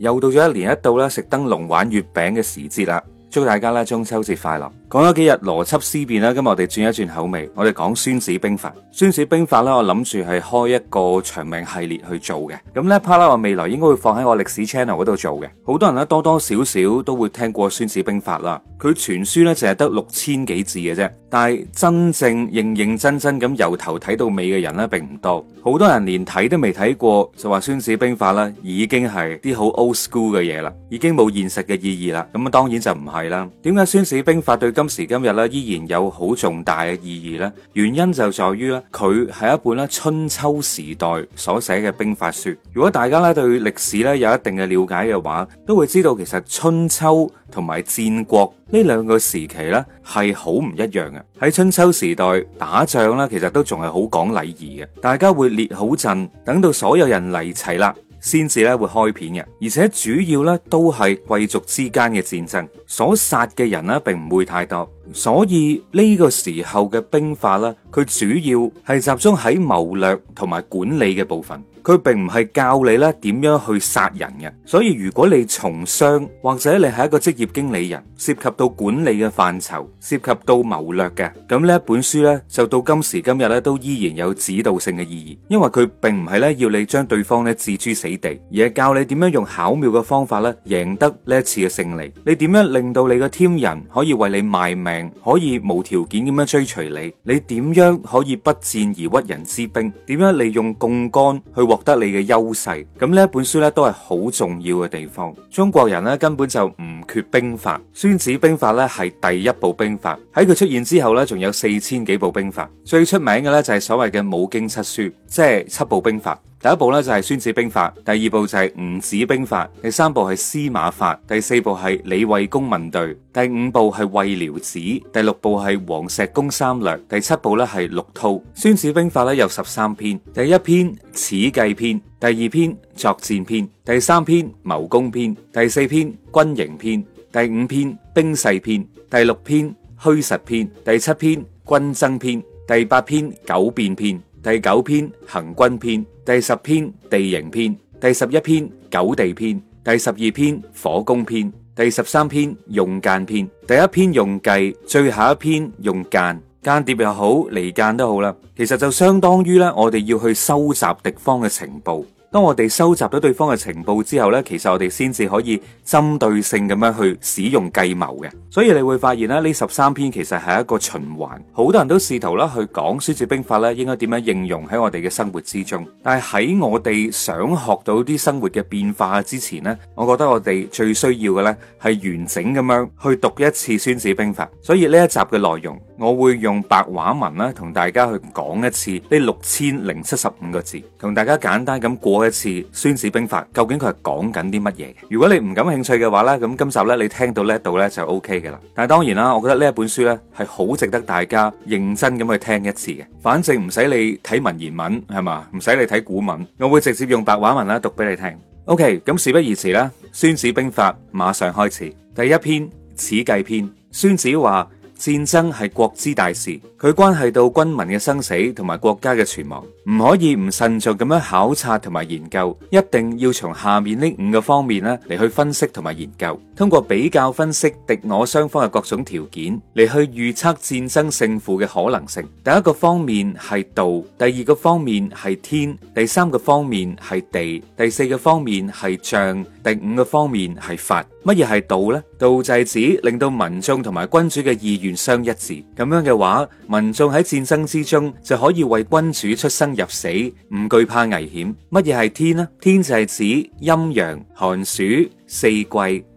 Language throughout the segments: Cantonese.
又到咗一年一度咧食燈籠、玩月餅嘅時節啦，祝大家咧中秋節快樂！講咗幾日邏輯思辨啦，今日我哋轉一轉口味，我哋講《孫子兵法》。《孫子兵法》咧，我諗住係開一個長命系列去做嘅。咁呢 part 啦，我未來應該會放喺我歷史 channel 嗰度做嘅。好多人呢，多多少少都會聽過《孫子兵法》啦。佢全書呢，淨係得六千幾字嘅啫，但係真正認認真真咁由頭睇到尾嘅人呢，並唔多。好多人連睇都未睇過，就話《孫子兵法》咧已經係啲好 old school 嘅嘢啦，已經冇現實嘅意義啦。咁啊，當然就唔係啦。點解《孫子兵法》對今時今日咧，依然有好重大嘅意義咧。原因就在於咧，佢係一本咧春秋時代所寫嘅兵法書。如果大家咧對歷史咧有一定嘅了解嘅話，都會知道其實春秋同埋戰國呢兩個時期咧係好唔一樣嘅。喺春秋時代打仗咧，其實都仲係好講禮儀嘅，大家會列好陣，等到所有人嚟齊啦。先至咧會開片嘅，而且主要咧都係貴族之間嘅戰爭，所殺嘅人咧並唔會太多，所以呢個時候嘅兵法咧，佢主要係集中喺謀略同埋管理嘅部分。佢並唔係教你咧點樣去殺人嘅，所以如果你從商或者你係一個職業經理人，涉及到管理嘅範疇，涉及到謀略嘅，咁呢一本書呢就到今時今日呢都依然有指導性嘅意義，因為佢並唔係咧要你將對方咧置諸死地，而係教你點樣用巧妙嘅方法呢贏得呢一次嘅勝利。你點樣令到你嘅 team 人可以為你賣命，可以無條件咁樣追隨你？你點樣可以不戰而屈人之兵？點樣利用槓桿去？獲得你嘅優勢，咁呢本書呢都係好重要嘅地方。中國人呢根本就唔缺兵法，《孫子兵法》呢係第一部兵法。喺佢出現之後呢，仲有四千幾部兵法。最出名嘅呢就係所謂嘅《武經七書》，即係七部兵法。第一部咧就係《孫子兵法》，第二部就係《吳子兵法》，第三部係《司馬法》，第四部係《李衛公問對》，第五部係《尉繚子》，第六部係《黃石公三略》，第七部咧係《六韜》。《孫子兵法》咧有十三篇，第一篇《始計篇》，第二篇《作戰篇》，第三篇《謀攻篇》，第四篇《軍形篇》，第五篇《兵勢篇》，第六篇《虛實篇》，第七篇《軍爭篇》，第八篇《九變篇》。第九篇行軍篇，第十篇地形篇，第十一篇九地篇，第十二篇火攻篇，第十三篇用間篇，第一篇用計，最後一篇用間。間諜又好，離間都好啦。其實就相當於咧，我哋要去收集敵方嘅情報。當我哋收集到對方嘅情報之後呢，其實我哋先至可以針對性咁樣去使用計謀嘅。所以你會發現咧，呢十三篇其實係一個循環。好多人都試圖啦去講《孫子兵法》咧，應該點樣應用喺我哋嘅生活之中。但係喺我哋想學到啲生活嘅變化之前呢，我覺得我哋最需要嘅呢係完整咁樣去讀一次《孫子兵法》。所以呢一集嘅內容，我會用白話文啦同大家去講一次呢六千零七十五個字，同大家簡單咁過。一次《孫子兵法》，究竟佢係講緊啲乜嘢？如果你唔感興趣嘅話呢，咁今集咧，你聽到呢度呢就 O K 嘅啦。但係當然啦，我覺得呢一本書呢係好值得大家認真咁去聽一次嘅。反正唔使你睇文言文係嘛，唔使你睇古文，我會直接用白話文啦讀俾你聽。O K，咁事不宜遲啦，《孫子兵法》馬上開始。第一篇《始計篇》，孫，孫子話。戰爭係國之大事，佢關係到軍民嘅生死同埋國家嘅存亡，唔可以唔慎重咁樣考察同埋研究，一定要從下面呢五個方面咧嚟去分析同埋研究。通過比較分析敵我雙方嘅各種條件，嚟去預測戰爭勝負嘅可能性。第一個方面係道，第二個方面係天，第三個方面係地，第四個方面係將，第五個方面係法。乜嘢係道呢？道就係指令到民眾同埋君主嘅意願相一致，咁樣嘅話，民眾喺戰爭之中就可以為君主出生入死，唔懼怕危險。乜嘢係天呢？天就係指陰陽、寒暑、四季。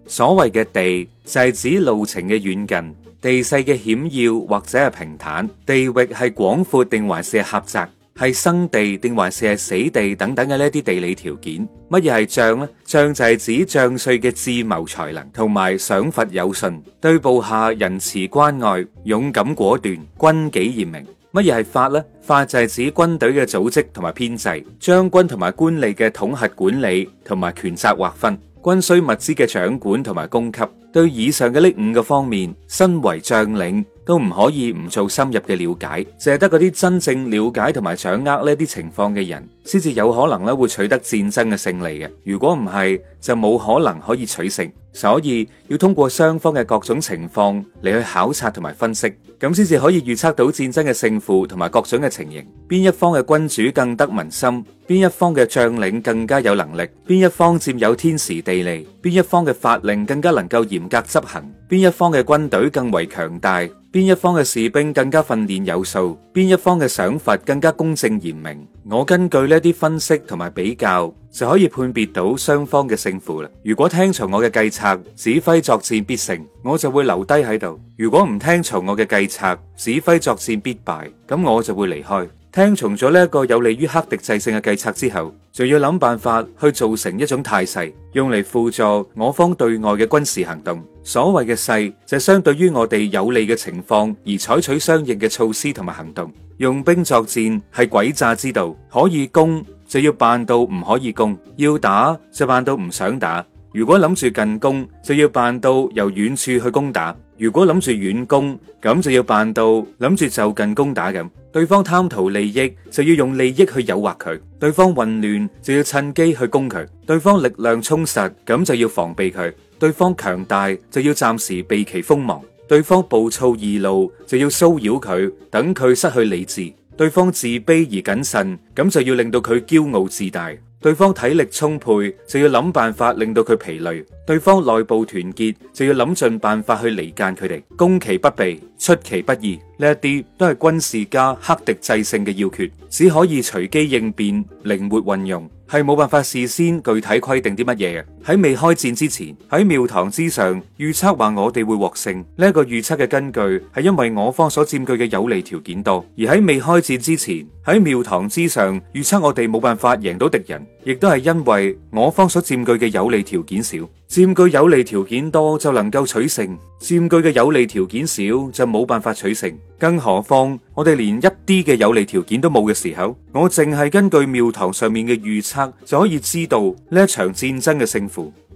所謂嘅地就係指路程嘅遠近、地勢嘅險要或者係平坦、地域係廣闊定還是狹窄。係生地定還是係死地等等嘅呢一啲地理條件。乜嘢係將呢？將就係指將帥嘅智謀才能同埋賞罰有信，對部下仁慈關愛、勇敢果斷、軍紀嚴明。乜嘢係法呢？法就係指軍隊嘅組織同埋編制，將軍同埋官吏嘅統合管理同埋權責劃分，軍需物資嘅掌管同埋供給。對以上嘅呢五個方面，身為將領，都唔可以唔做深入嘅了解，淨係得嗰啲真正了解同埋掌握呢一啲情況嘅人，先至有可能咧會取得戰爭嘅勝利嘅。如果唔係，就冇可能可以取勝。所以要通過雙方嘅各種情況嚟去考察同埋分析，咁先至可以預測到戰爭嘅勝負同埋各種嘅情形。邊一方嘅君主更得民心，邊一方嘅將領更加有能力，邊一方佔有天時地利，邊一方嘅法令更加能夠嚴格執行，邊一方嘅軍隊更為強大，邊一方嘅士兵更加訓練有素，邊一方嘅賞罰更加公正嚴明。我根據呢啲分析同埋比較，就可以判別到雙方嘅勝負啦。如果聽從我嘅計策，指揮作戰必勝，我就會留低喺度；如果唔聽從我嘅計策，指揮作戰必敗，咁我就會離開。聽從咗呢一個有利於黑敵制勝嘅計策之後，就要諗辦法去造成一種態勢，用嚟輔助我方對外嘅軍事行動。所謂嘅勢，就係相對於我哋有利嘅情況而採取相應嘅措施同埋行動。用兵作戰係詭詐之道，可以攻就要扮到唔可以攻，要打就扮到唔想打。如果諗住近攻，就要扮到由遠處去攻打。如果諗住遠攻，咁就要扮到諗住就近攻打。咁對方貪圖利益，就要用利益去誘惑佢；對方混亂，就要趁機去攻佢；對方力量充實，咁就要防備佢；對方強大，就要暫時避其鋒芒；對方暴躁易怒，就要騷擾佢，等佢失去理智；對方自卑而謹慎，咁就要令到佢驕傲自大。對方體力充沛，就要諗辦法令到佢疲累；對方內部團結，就要諗盡辦法去離間佢哋。攻其不備，出其不意，呢一啲都係軍事家克敵制勝嘅要訣，只可以隨機應變、靈活運用，係冇辦法事先具體規定啲乜嘢嘅。喺未開戰之前，喺廟堂之上預測話我哋會獲勝，呢一個預測嘅根據係因為我方所佔據嘅有利條件多；而喺未開戰之前，喺廟堂之上預測我哋冇辦法贏到敵人，亦都係因為我方所佔據嘅有利條件少。佔據有利條件多就能夠取勝，佔據嘅有利條件少就冇辦法取勝。更何況我哋連一啲嘅有利條件都冇嘅時候，我淨係根據廟堂上面嘅預測就可以知道呢一場戰爭嘅勝負。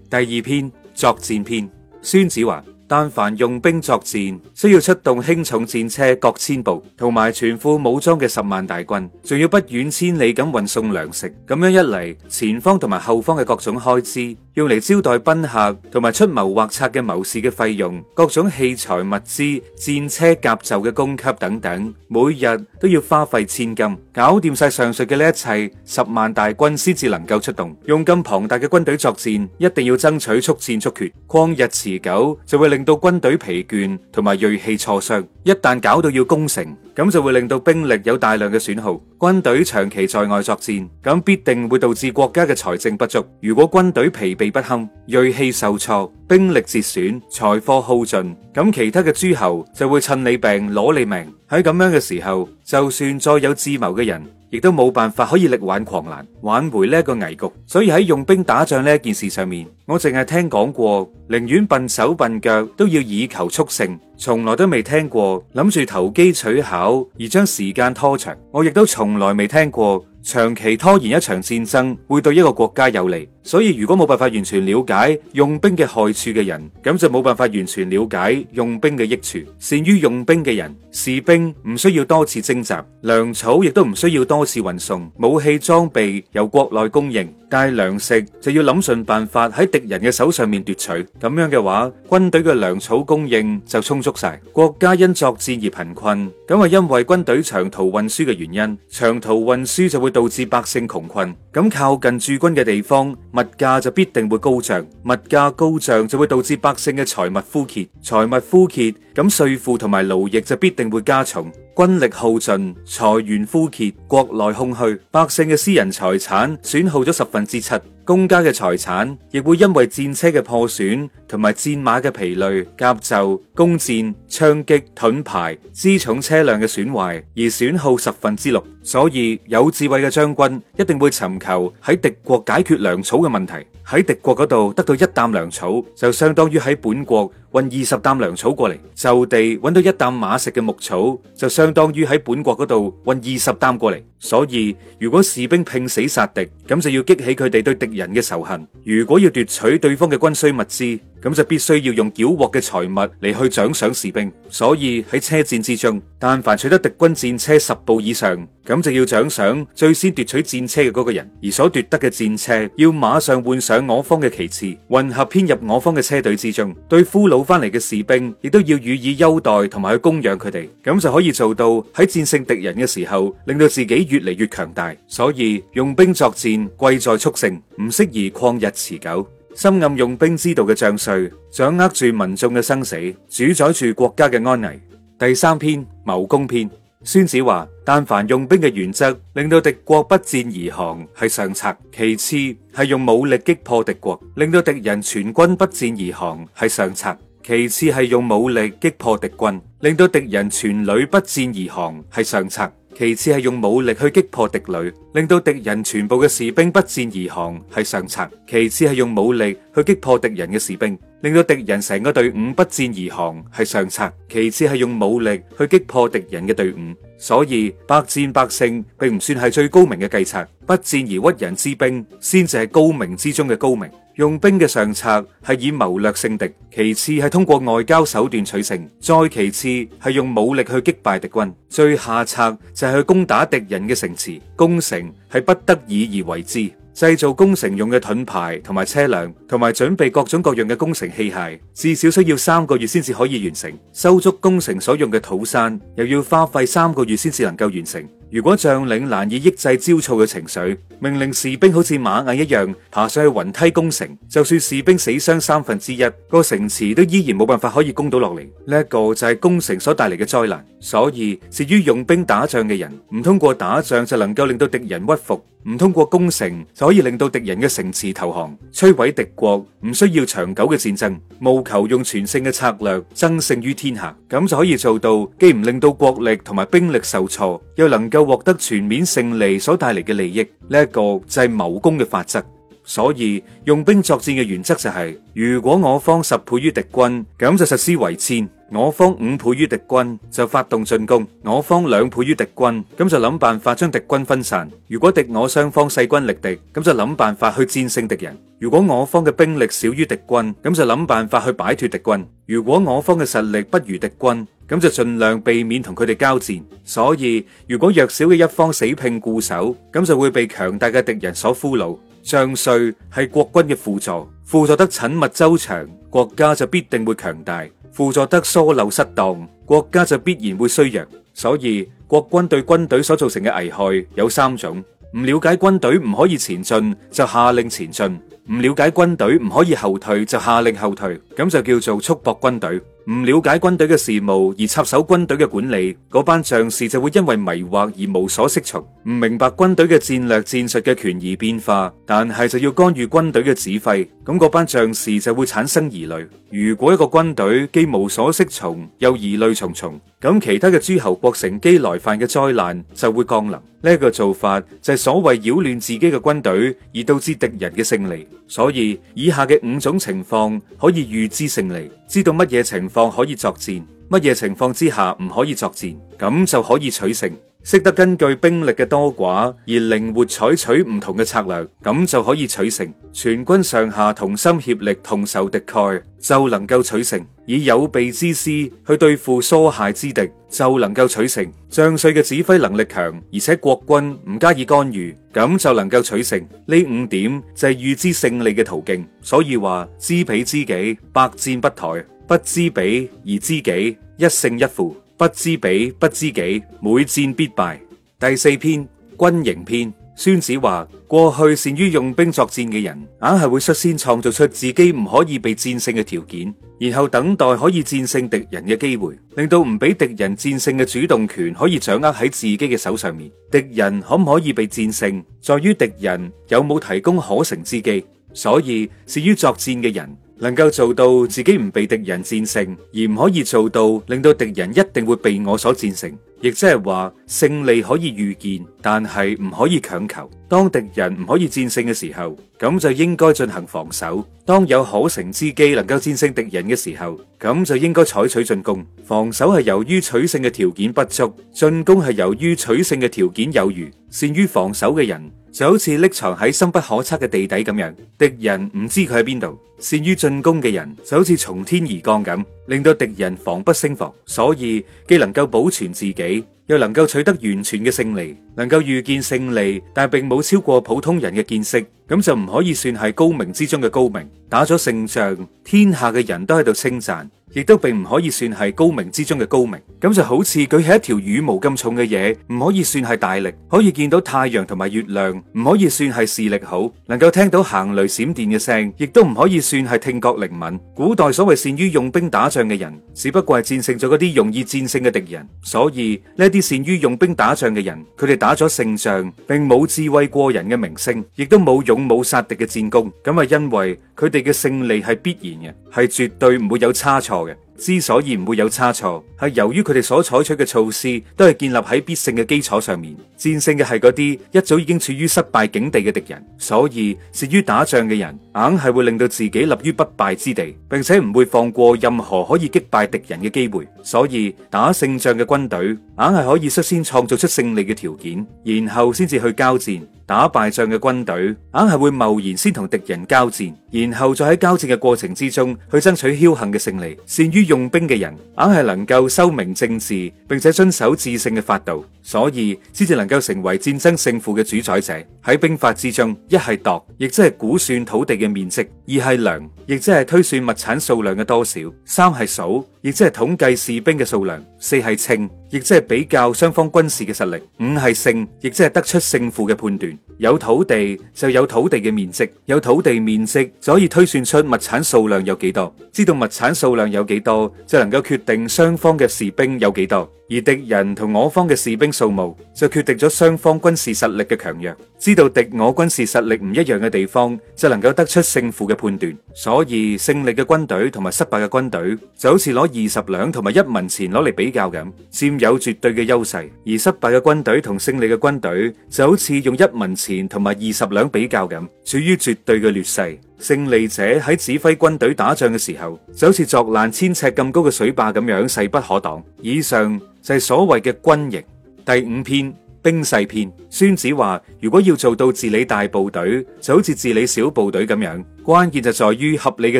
第二篇作戰篇，孫子話：但凡用兵作戰，需要出動輕重戰車各千部，同埋全副武裝嘅十萬大軍，仲要不遠千里咁運送糧食，咁樣一嚟，前方同埋後方嘅各種開支。用嚟招待賓客同埋出謀劃策嘅謀士嘅費用，各種器材物資、戰車甲胄嘅供給等等，每日都要花費千金。搞掂晒上述嘅呢一切，十萬大軍先至能夠出動。用咁龐大嘅軍隊作戰，一定要爭取速戰速決，曠日持久就會令到軍隊疲倦同埋銳氣挫傷。一旦搞到要攻城。咁就會令到兵力有大量嘅損耗，軍隊長期在外作戰，咁必定會導致國家嘅財政不足。如果軍隊疲憊不堪、銳氣受挫、兵力折損、財貨耗盡，咁其他嘅諸侯就會趁你病攞你命。喺咁樣嘅時候，就算再有智謀嘅人，亦都冇辦法可以力挽狂瀾，挽回呢個危局。所以喺用兵打仗呢件事上面，我淨係聽講過，寧願笨手笨腳都要以求速勝，從來都未聽過諗住投機取巧而將時間拖長。我亦都從來未聽過長期拖延一場戰爭會對一個國家有利。所以如果冇辦法完全了解用兵嘅害處嘅人，咁就冇辦法完全了解用兵嘅益處。善於用兵嘅人，士兵唔需要多次徵集糧草，亦都唔需要多次運送，武器裝備由國內供應，但係糧食就要諗盡辦法喺敵人嘅手上面奪取。咁樣嘅話，軍隊嘅糧草供應就充足晒，國家因作戰而貧困。咁係因為軍隊長途運輸嘅原因，長途運輸就會導致百姓窮困。咁靠近駐軍嘅地方，物價就必定會高漲，物價高漲就會導致百姓嘅財物枯竭，財物枯竭咁稅負同埋勞役就必定會加重。軍力耗盡，財源枯竭，國內空虛，百姓嘅私人財產損耗咗十分之七，公家嘅財產亦會因為戰車嘅破損同埋戰馬嘅疲累，甲胄、弓箭、槍擊、盾牌、輜重車輛嘅損壞而損耗十分之六。所以有智慧嘅將軍一定會尋求喺敵國解決糧草嘅問題，喺敵國嗰度得到一擔糧草，就相當於喺本國。運二十擔糧草過嚟，就地揾到一擔馬食嘅牧草，就相當於喺本國嗰度運二十擔過嚟。所以如果士兵拼死殺敵，咁就要激起佢哋對敵人嘅仇恨；如果要奪取對方嘅軍需物資，咁就必須要用繳獲嘅財物嚟去獎賞士兵。所以喺車戰之中，但凡取得敵軍戰車十部以上，咁就要獎賞最先奪取戰車嘅嗰個人，而所奪得嘅戰車要馬上換上我方嘅旗幟，混合編入我方嘅車隊之中，對俘虜翻嚟嘅士兵，亦都要予以優待同埋去供養佢哋，咁就可以做到喺戰勝敵人嘅時候，令到自己越嚟越強大。所以用兵作戰貴在速勝，唔適宜曠日持久。深暗用兵之道嘅將帥，掌握住民眾嘅生死，主宰住國家嘅安危。第三篇謀攻篇，孫子話：但凡用兵嘅原則，令到敵國不戰而降係上策；其次係用武力擊破敵國，令到敵人全軍不戰而降係上策。其次係用武力擊破敵軍，令到敵人全旅不戰而降係上策；其次係用武力去擊破敵旅，令到敵人全部嘅士兵不戰而降係上策；其次係用武力去擊破敵人嘅士兵，令到敵人成個隊伍不戰而降係上策；其次係用武力去擊破敵人嘅隊伍。所以百戰百勝並唔算係最高明嘅計策，不戰而屈人之兵先至係高明之中嘅高明。用兵嘅上策係以謀略勝敵，其次係通過外交手段取勝，再其次係用武力去擊敗敵軍，最下策就係去攻打敵人嘅城池。攻城係不得已而為之，製造攻城用嘅盾牌同埋車輛，同埋準備各種各樣嘅攻城器械，至少需要三個月先至可以完成。收足攻城所用嘅土山，又要花費三個月先至能夠完成。如果將領難以抑制焦躁嘅情緒，命令士兵好似螞蟻一樣爬上去雲梯攻城，就算士兵死傷三分之一，個城池都依然冇辦法可以攻到落嚟。呢一個就係攻城所帶嚟嘅災難。所以，至於用兵打仗嘅人，唔通過打仗就能夠令到敵人屈服，唔通過攻城就可以令到敵人嘅城池投降，摧毀敵國，唔需要長久嘅戰爭，務求用全勝嘅策略，爭勝於天下，咁就可以做到既唔令到國力同埋兵力受挫，又能夠。又獲得全面勝利所帶嚟嘅利益，呢、這、一個就係謀攻嘅法則。所以用兵作戰嘅原則就係，如果我方十倍於敵軍，咁就實施圍殲；我方五倍於敵軍，就發動進攻；我方兩倍於敵軍，咁就諗辦法將敵軍分散。如果敵我雙方勢均力敵，咁就諗辦法去戰勝敵人。如果我方嘅兵力少於敵軍，咁就諗辦法去擺脫敵軍。如果我方嘅實力不如敵軍，咁就盡量避免同佢哋交戰。所以，如果弱小嘅一方死拼固守，咁就會被強大嘅敵人所俘虜。將帥係國軍嘅輔助，輔助得縝密周詳，國家就必定會強大；輔助得疏漏失當，國家就必然會衰弱。所以，國軍對軍隊所造成嘅危害有三種：唔了解軍隊唔可以前進，就下令前進；唔了解軍隊唔可以後退，就下令後退。咁就叫做束縛軍隊。唔了解軍隊嘅事務而插手軍隊嘅管理，嗰班將士就會因為迷惑而無所適從；唔明白軍隊嘅戰略戰術嘅權宜變化，但係就要干預軍隊嘅指揮，咁嗰班將士就會產生疑慮。如果一個軍隊既無所適從，又疑慮重重。咁其他嘅諸侯國乘機來犯嘅災難就會降臨，呢個做法就係所謂擾亂自己嘅軍隊而導致敵人嘅勝利。所以以下嘅五種情況可以預知勝利，知道乜嘢情況可以作戰，乜嘢情況之下唔可以作戰，咁就可以取勝。識得根據兵力嘅多寡而靈活採取唔同嘅策略，咁就可以取勝。全軍上下同心協力，同仇敵愾，就能夠取勝。以有備之師去對付疏懈之敵，就能夠取勝。將帥嘅指揮能力強，而且國君唔加以干預，咁就能夠取勝。呢五點就係預知勝利嘅途徑。所以話知彼知己，百戰不殆；不知彼而知己，一勝一負。不知彼不知己，每戰必敗。第四篇《軍形篇》，孫子話：過去善於用兵作戰嘅人，硬係會率先創造出自己唔可以被戰勝嘅條件，然後等待可以戰勝敵人嘅機會，令到唔俾敵人戰勝嘅主動權可以掌握喺自己嘅手上面。敵人可唔可以被戰勝，在於敵人有冇提供可乘之機。所以，善於作戰嘅人。能夠做到自己唔被敵人戰勝，而唔可以做到令到敵人一定會被我所戰勝，亦即係話勝利可以預見，但係唔可以強求。當敵人唔可以戰勝嘅時候，咁就應該進行防守；當有可乘之機能夠戰勝敵人嘅時候，咁就應該採取進攻。防守係由於取勝嘅條件不足，進攻係由於取勝嘅條件有餘，善於防守嘅人，就好似匿藏喺深不可測嘅地底咁樣，敵人唔知佢喺邊度。善於進攻嘅人就好似從天而降咁，令到敵人防不勝防。所以既能夠保存自己，又能夠取得完全嘅勝利，能夠預見勝利，但係並冇超過普通人嘅見識，咁就唔可以算係高明之中嘅高明。打咗勝仗，天下嘅人都喺度稱讚。亦都並唔可以算係高明之中嘅高明，咁就好似舉起一條羽毛咁重嘅嘢，唔可以算係大力；可以見到太陽同埋月亮，唔可以算係視力好；能夠聽到行雷閃電嘅聲，亦都唔可以算係聽覺靈敏。古代所謂善於用兵打仗嘅人，只不過係戰勝咗嗰啲容易戰勝嘅敵人。所以呢啲善於用兵打仗嘅人，佢哋打咗勝仗，並冇智慧過人嘅名聲，亦都冇勇武殺敵嘅戰功。咁係因為佢哋嘅勝利係必然嘅。係絕對唔會有差錯嘅。之所以唔會有差錯，係由於佢哋所採取嘅措施都係建立喺必勝嘅基礎上面。戰勝嘅係嗰啲一早已經處於失敗境地嘅敵人，所以善於打仗嘅人，硬係會令到自己立於不敗之地，并且唔會放過任何可以擊敗敵人嘅機會。所以打勝仗嘅軍隊，硬係可以率先創造出勝利嘅條件，然後先至去交戰。打敗仗嘅軍隊，硬係會貿然先同敵人交戰，然後再喺交戰嘅過程之中去爭取僥幸嘅勝利。善於用兵嘅人硬係能夠修明政治，並且遵守制勝嘅法度，所以先至能夠成為戰爭勝負嘅主宰者。喺兵法之中，一係度，亦即係估算土地嘅面積；二係量，亦即係推算物產數量嘅多少；三係數。亦即係統計士兵嘅數量，四係稱，亦即係比較雙方軍事嘅實力；五係勝，亦即係得出勝負嘅判斷。有土地就有土地嘅面積，有土地面積就可以推算出物產數量有幾多。知道物產數量有幾多，就能夠決定雙方嘅士兵有幾多。而敵人同我方嘅士兵數目，就決定咗雙方軍事實力嘅強弱。知道敵我軍事實力唔一樣嘅地方，就能夠得出勝負嘅判斷。所以勝利嘅軍隊同埋失敗嘅軍隊，就好似攞二十兩同埋一文錢攞嚟比較咁，佔有絕對嘅優勢；而失敗嘅軍隊同勝利嘅軍隊，就好似用一文錢同埋二十兩比較咁，處於絕對嘅劣勢。勝利者喺指揮軍隊打仗嘅時候，就好似鑿爛千尺咁高嘅水壩咁樣，勢不可擋。以上就係所謂嘅軍形第五篇。兵勢篇，孫子話：如果要做到治理大部隊，就好似治理小部隊咁樣，關鍵就在於合理嘅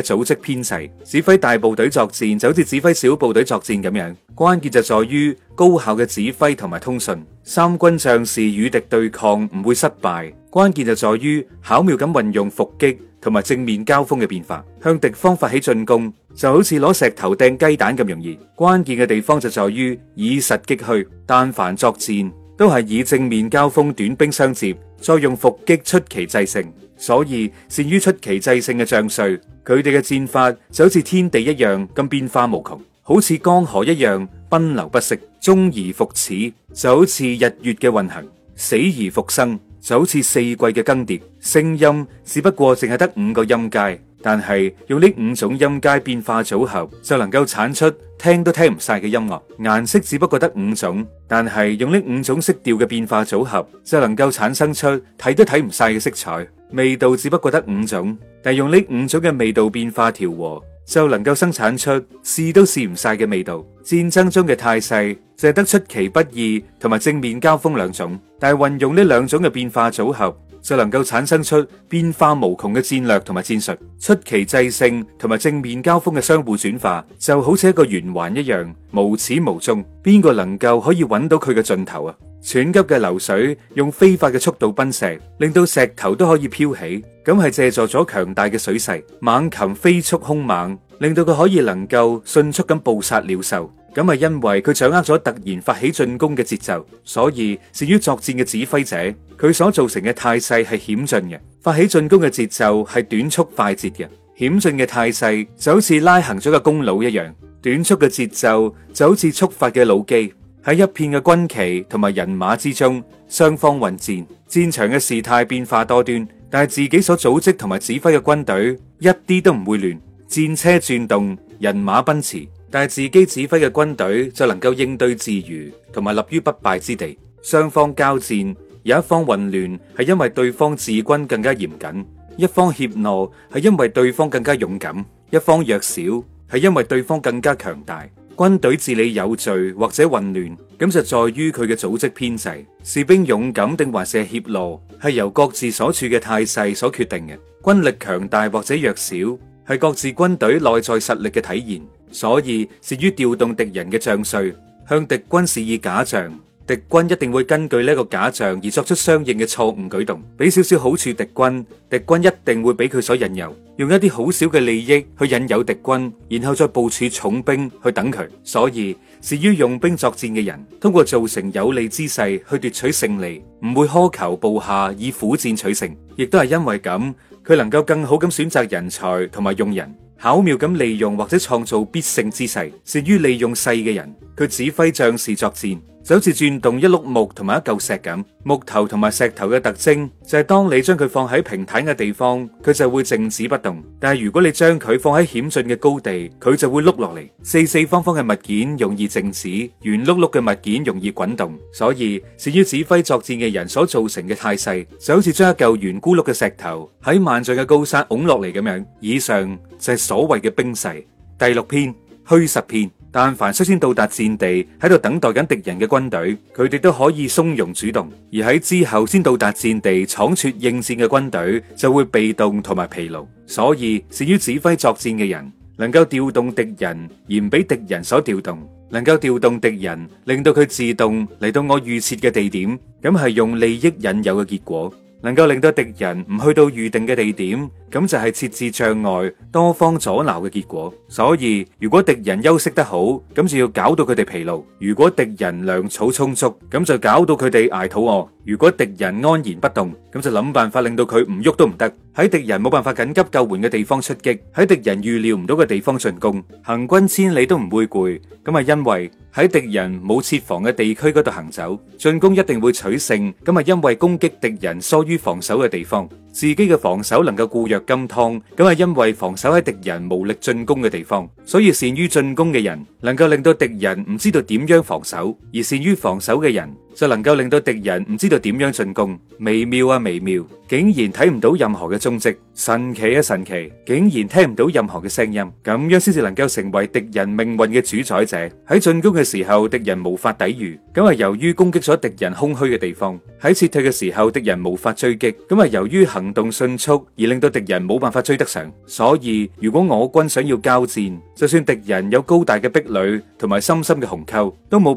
組織編制；指揮大部隊作戰就好似指揮小部隊作戰咁樣，關鍵就在於高效嘅指揮同埋通訊。三軍將士與敵對抗唔會失敗，關鍵就在於巧妙咁運用伏擊同埋正面交鋒嘅變化，向敵方發起進攻就好似攞石頭掟雞蛋咁容易。關鍵嘅地方就在於以實擊虛。但凡作戰，都係以正面交鋒、短兵相接，再用伏擊出奇制勝。所以善於出奇制勝嘅將帥，佢哋嘅戰法就好似天地一樣咁變化無窮，好似江河一樣奔流不息，終而復始就好似日月嘅運行；死而復生就好似四季嘅更迭。聲音只不過淨係得五個音階。但係用呢五種音階變化組合，就能夠產出聽都聽唔晒嘅音樂。顏色只不過得五種，但係用呢五種色調嘅變化組合，就能夠產生出睇都睇唔晒嘅色彩。味道只不過得五種，但係用呢五種嘅味道變化調和就能夠生產出試都試唔晒嘅味道。戰爭中嘅態勢淨係、就是、得出其不意同埋正面交鋒兩種，但係運用呢兩種嘅變化組合。就能夠產生出變化無窮嘅戰略同埋戰術，出奇制勝同埋正面交鋒嘅相互轉化就好似一個圓環一樣無始無終，邊個能夠可以揾到佢嘅盡頭啊？湍急嘅流水用飛快嘅速度奔石，令到石頭都可以飄起，咁係借助咗強大嘅水勢。猛禽飛速凶猛，令到佢可以能夠迅速咁捕殺鳥獸。咁係因為佢掌握咗突然發起進攻嘅節奏，所以善於作戰嘅指揮者，佢所造成嘅態勢係險峻嘅。發起進攻嘅節奏係短促快捷嘅，險峻嘅態勢就好似拉行咗嘅弓弩一樣，短促嘅節奏就好似觸發嘅弩機。喺一片嘅軍旗同埋人馬之中，雙方混戰，戰場嘅事態變化多端，但係自己所組織同埋指揮嘅軍隊一啲都唔會亂，戰車轉動，人馬奔馳。但係自己指揮嘅軍隊就能夠應對自如，同埋立於不敗之地。雙方交戰，有一方混亂係因為對方治軍更加嚴謹，一方怯懦係因為對方更加勇敢，一方弱小係因為對方更加強大。軍隊治理有序或者混亂，咁就在於佢嘅組織編制。士兵勇敢定還是怯懦，係由各自所處嘅態勢所決定嘅。軍力強大或者弱小，係各自軍隊內在實力嘅體現。所以，善於調動敵人嘅將帥，向敵軍示意假象，敵軍一定會根據呢一個假象而作出相應嘅錯誤舉動。俾少少好處敵軍，敵軍一定會俾佢所引誘。用一啲好少嘅利益去引誘敵軍，然後再部署重兵去等佢。所以，善於用兵作戰嘅人，通過造成有利之勢去奪取勝利，唔會苛求部下以苦戰取勝。亦都係因為咁，佢能夠更好咁選擇人才同埋用人。巧妙咁利用或者創造必勝之勢，擅於利用勢嘅人，佢指揮將士作戰。就好似轉動一碌木同埋一嚿石咁，木頭同埋石頭嘅特徵就係當你將佢放喺平坦嘅地方，佢就會靜止不動；但係如果你將佢放喺險峻嘅高地，佢就會碌落嚟。四四方方嘅物件容易靜止，圓碌碌嘅物件容易滾動。所以善於指揮作戰嘅人所造成嘅態勢，就好似將一嚿圓咕碌嘅石頭喺萬丈嘅高山拱落嚟咁樣。以上就係所謂嘅兵勢。第六篇虛實篇。但凡率先到達戰地，喺度等待緊敵人嘅軍隊，佢哋都可以從容主動；而喺之後先到達戰地、倉促應戰嘅軍隊就會被動同埋疲勞。所以善於指揮作戰嘅人，能夠調動敵人而唔俾敵人所調動，能夠調動敵人令到佢自動嚟到我預設嘅地點，咁係用利益引誘嘅結果。能夠令到敵人唔去到預定嘅地點，咁就係設置障礙、多方阻撓嘅結果。所以，如果敵人休息得好，咁就要搞到佢哋疲勞；如果敵人糧草充足，咁就搞到佢哋捱肚餓。如果敵人安然不動，咁就諗辦法令到佢唔喐都唔得。喺敵人冇辦法緊急救援嘅地方出擊，喺敵人預料唔到嘅地方進攻，行軍千里都唔會攰。咁係因為喺敵人冇設防嘅地區嗰度行走，進攻一定會取勝。咁係因為攻擊敵人疏於防守嘅地方，自己嘅防守能夠固若金湯。咁係因為防守喺敵人無力進攻嘅地方，所以善於進攻嘅人能夠令到敵人唔知道點樣防守，而善於防守嘅人，就能夠令到敵人唔知道點樣進攻，微妙呀微妙，竟然睇唔到任何嘅蹤跡。神奇呀神奇，竟然聽唔到任何嘅聲音，咁樣先至能夠成為敵人命運嘅主宰者。喺進攻嘅時候，敵人無法抵禦，咁係由於攻擊咗敵人空虛嘅地方。喺撤退嘅時候，敵人無法追擊，咁係由於行動迅速，而令到敵人冇辦法追得上。所以，如果我軍想要交戰，就算敵人有高大嘅壁壘同埋深深嘅壕溝，都冇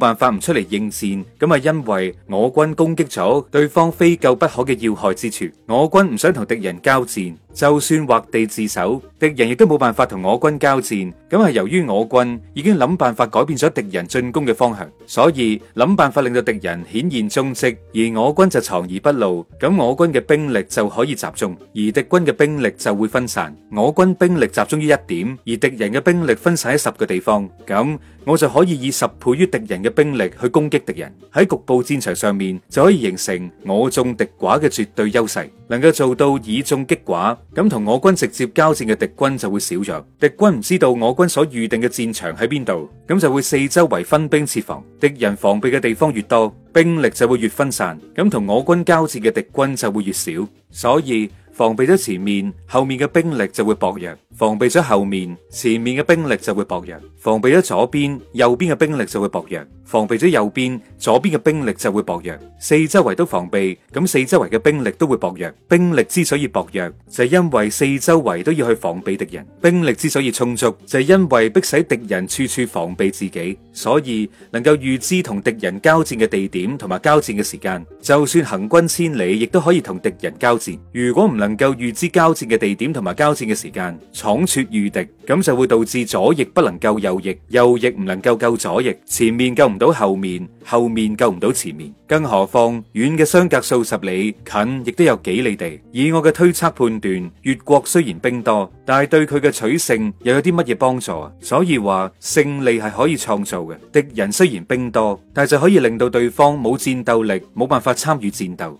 我軍攻擊咗對方非救不可嘅要害之處，我軍唔想同敵人交戰。就算劃地自守，敵人亦都冇辦法同我軍交戰。咁係由於我軍已經諗辦法改變咗敵人進攻嘅方向，所以諗辦法令到敵人顯現蹤迹，而我軍就藏而不露。咁我軍嘅兵力就可以集中，而敵軍嘅兵力就會分散。我軍兵力集中於一點，而敵人嘅兵力分散喺十個地方。咁我就可以以十倍於敵人嘅兵力去攻擊敵人。喺局部戰場上面就可以形成我眾敵寡嘅絕對優勢。能夠做到以眾擊寡，咁同我軍直接交戰嘅敵軍就會少咗。敵軍唔知道我軍所預定嘅戰場喺邊度，咁就會四周圍分兵設防。敵人防備嘅地方越多，兵力就會越分散，咁同我軍交戰嘅敵軍就會越少。所以。防備咗前面，後面嘅兵力就會薄弱；防備咗後面，前面嘅兵力就會薄弱；防備咗左邊，右邊嘅兵力就會薄弱；防備咗右邊，左邊嘅兵力就會薄弱。四周圍都防備，咁四周圍嘅兵力都會薄弱。兵力之所以薄弱，就係因為四周圍都要去防備敵人；兵力之所以充足，就係因為迫使敵人處處防備自己，所以能夠預知同敵人交戰嘅地點同埋交戰嘅時間。就算行軍千里，亦都可以同敵人交戰。如果唔能。能夠預知交戰嘅地點同埋交戰嘅時間，倉促遇敵，咁就會導致左翼不能夠右翼，右翼唔能夠救左翼，前面救唔到後面，後面救唔到前面。更何況，遠嘅相隔數十里，近亦都有幾里地。以我嘅推測判斷，越國雖然兵多，但係對佢嘅取勝又有啲乜嘢幫助啊？所以話，勝利係可以創造嘅。敵人雖然兵多，但係就可以令到對方冇戰鬥力，冇辦法參與戰鬥。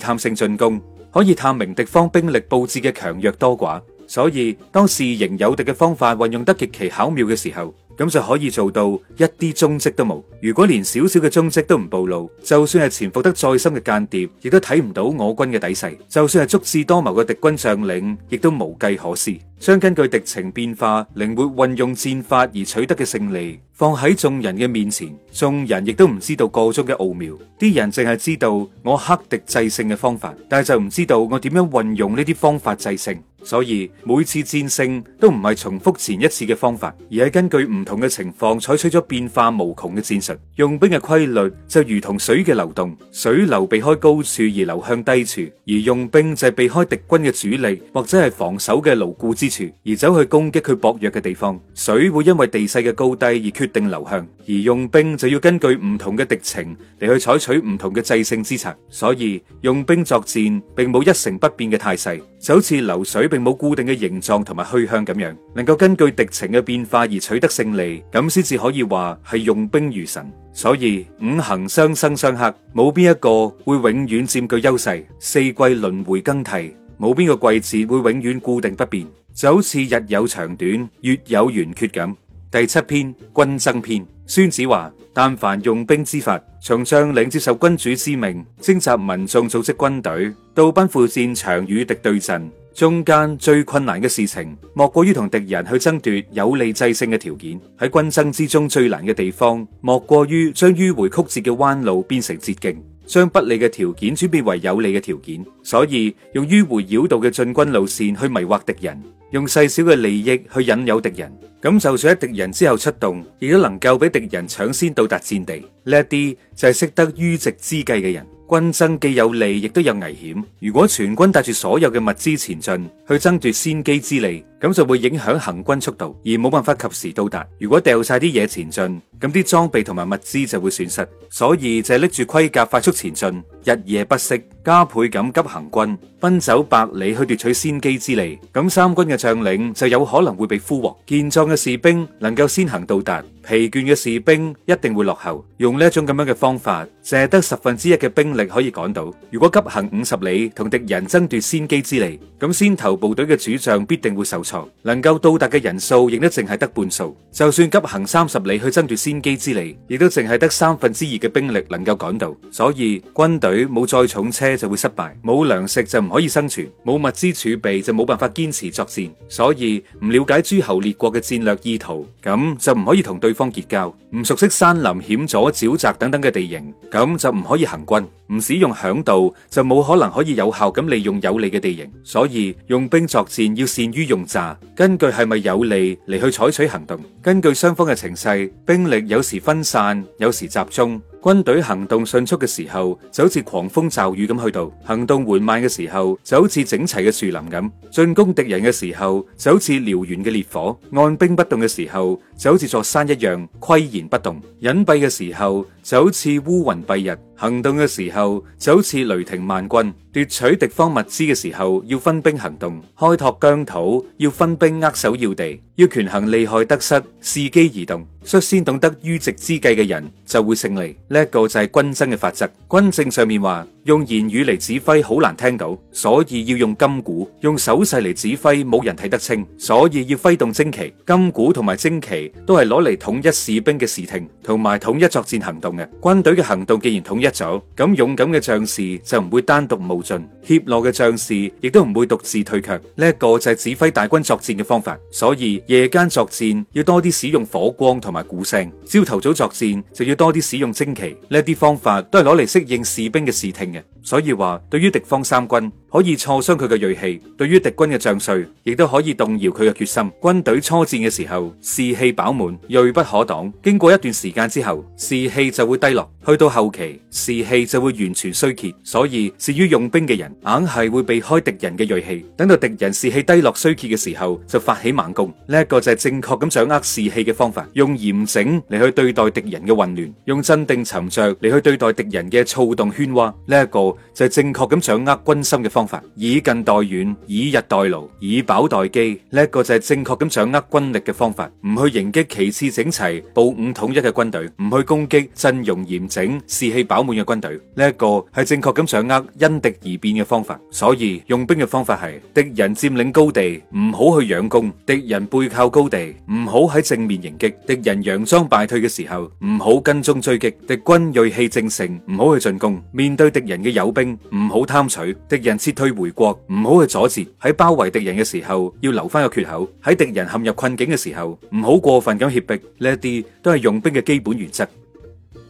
探性進攻可以探明敵方兵力布置嘅強弱多寡，所以當事形有敵嘅方法運用得極其巧妙嘅時候，咁就可以做到一啲蹤跡都冇。如果連小小嘅蹤跡都唔暴露，露，就算係潛伏得再深嘅間諜，亦都睇唔到我軍嘅底細。就算係足智多謀嘅敵軍將領，亦都無計可施。將根據敵情變化，靈活運用戰法而取得嘅勝利。放喺眾人嘅面前，眾人亦都唔知道個中嘅奧妙，啲人淨係知道我克敵制勝嘅方法，但係就唔知道我點樣運用呢啲方法制勝。所以每次戰勝都唔係重複前一次嘅方法，而係根據唔同嘅情況採取咗變化無窮嘅戰術。用兵嘅規律就如同水嘅流動，水流避開高處而流向低處，而用兵就係避開敵軍嘅主力或者係防守嘅牢固之處，而走去攻擊佢薄弱嘅地方。水會因為地勢嘅高低而決。定流向，而用兵就要根據唔同嘅敵情嚟去採取唔同嘅制勝之策。所以用兵作戰並冇一成不變嘅態勢，就好似流水並冇固定嘅形狀同埋去向咁樣。能夠根據敵情嘅變化而取得勝利，咁先至可以話係用兵如神。所以五行相生相克，冇邊一個會永遠佔據優勢；四季輪回更替，冇邊個季節會永遠固定不變。就好似日有長短，月有圓缺咁。第七篇軍爭篇，孫子話：但凡用兵之法，從將領接受君主之命，徵集民眾組織軍隊，到奔赴戰場與敵對陣，中間最困難嘅事情，莫過於同敵人去爭奪有利制勝嘅條件。喺軍爭之中最難嘅地方，莫過於將迂迴曲折嘅彎路變成捷徑，將不利嘅條件轉變為有利嘅條件。所以，用迂回繞道嘅進軍路線去迷惑敵人。用細小嘅利益去引誘敵人，咁就算喺敵人之後出動，亦都能夠俾敵人搶先到達戰地。呢啲就係識得迂直之計嘅人。軍爭既有利，亦都有危險。如果全軍帶住所有嘅物資前進，去爭奪先機之利。咁就會影響行軍速度，而冇辦法及時到達。如果掉晒啲嘢前進，咁啲裝備同埋物資就會損失。所以就係拎住盔甲快速前進，日夜不息，加倍咁急行軍，奔走百里去奪取先機之利。咁三軍嘅將領就有可能會被俘獲，健壯嘅士兵能夠先行到達，疲倦嘅士兵一定會落後。用呢一種咁樣嘅方法，淨係得十分之一嘅兵力可以趕到。如果急行五十里同敵人爭奪先機之利，咁先頭部隊嘅主將必定會受傷。能夠到達嘅人數，亦都淨係得半數。就算急行三十里去爭奪先機之利，亦都淨係得三分之二嘅兵力能夠趕到。所以軍隊冇載重車就會失敗，冇糧食就唔可以生存，冇物資儲備就冇辦法堅持作戰。所以唔了解諸侯列國嘅戰略意圖，咁就唔可以同對方結交；唔熟悉山林險阻沼澤等等嘅地形，咁就唔可以行軍。唔使用嚮導就冇可能可以有效咁利用有利嘅地形，所以用兵作戰要善於用詐，根據係咪有利嚟去採取行動，根據雙方嘅情勢，兵力有時分散，有時集中。軍隊行動迅速嘅時候就好似狂風驟雨咁去到，行動緩慢嘅時候就好似整齊嘅樹林咁。進攻敵人嘅時候就好似燎原嘅烈火，按兵不動嘅時候就好似座山一樣巋然不動，隱蔽嘅時候，就好似烏雲蔽日，行動嘅時候就好似雷霆萬鈞；奪取敵方物資嘅時候要分兵行動，開拓疆土要分兵扼守要地，要權衡利害得失，伺機而動。率先懂得迂直之計嘅人就會勝利。呢一個就係軍爭嘅法則。軍政上面話用言語嚟指揮好難聽到，所以要用金鼓，用手勢嚟指揮冇人睇得清，所以要揮動旌旗。金鼓同埋旌旗都係攞嚟統一士兵嘅視聽同埋統一作戰行動。軍隊嘅行動既然統一咗，咁勇敢嘅將士就唔會單獨冒進，怯懦嘅將士亦都唔會獨自退卻。呢一個就係指揮大軍作戰嘅方法。所以夜間作戰要多啲使用火光同埋鼓聲，朝頭早作戰就要多啲使用旌旗。呢一啲方法都係攞嚟適應士兵嘅視聽嘅。所以話對於敵方三軍可以挫傷佢嘅銳氣，對於敵軍嘅將帥亦都可以動搖佢嘅決心。軍隊初戰嘅時候士氣飽滿，銳不可擋。經過一段時間之後，士氣，就會低落，去到後期士氣就會完全衰竭。所以，至於用兵嘅人，硬係會避開敵人嘅銳氣，等到敵人士氣低落衰竭嘅時候，就發起猛攻。呢一個就係正確咁掌握士氣嘅方法。用嚴整嚟去對待敵人嘅混亂，用鎮定沉着嚟去對待敵人嘅躁動喧嘩。呢一個就係正確咁掌握軍心嘅方法。以近待遠，以日待勞，以飽待飢。呢一個就係正確咁掌握軍力嘅方法。唔去迎擊其次整齊、部伍統一嘅軍隊，唔去攻擊就陣容嚴整、士氣飽滿嘅軍隊，呢一個係正確咁掌握因敵而變嘅方法。所以用兵嘅方法係：敵人占領高地，唔好去仰攻；敵人背靠高地，唔好喺正面迎擊；敵人佯裝敗退嘅時候，唔好跟蹤追擊；敵軍銳氣正盛，唔好去進攻；面對敵人嘅有兵，唔好貪取；敵人撤退回國，唔好去阻截；喺包圍敵人嘅時候，要留翻個缺口；喺敵人陷入困境嘅時候，唔好過分咁脅迫。呢一啲都係用兵嘅基本原則。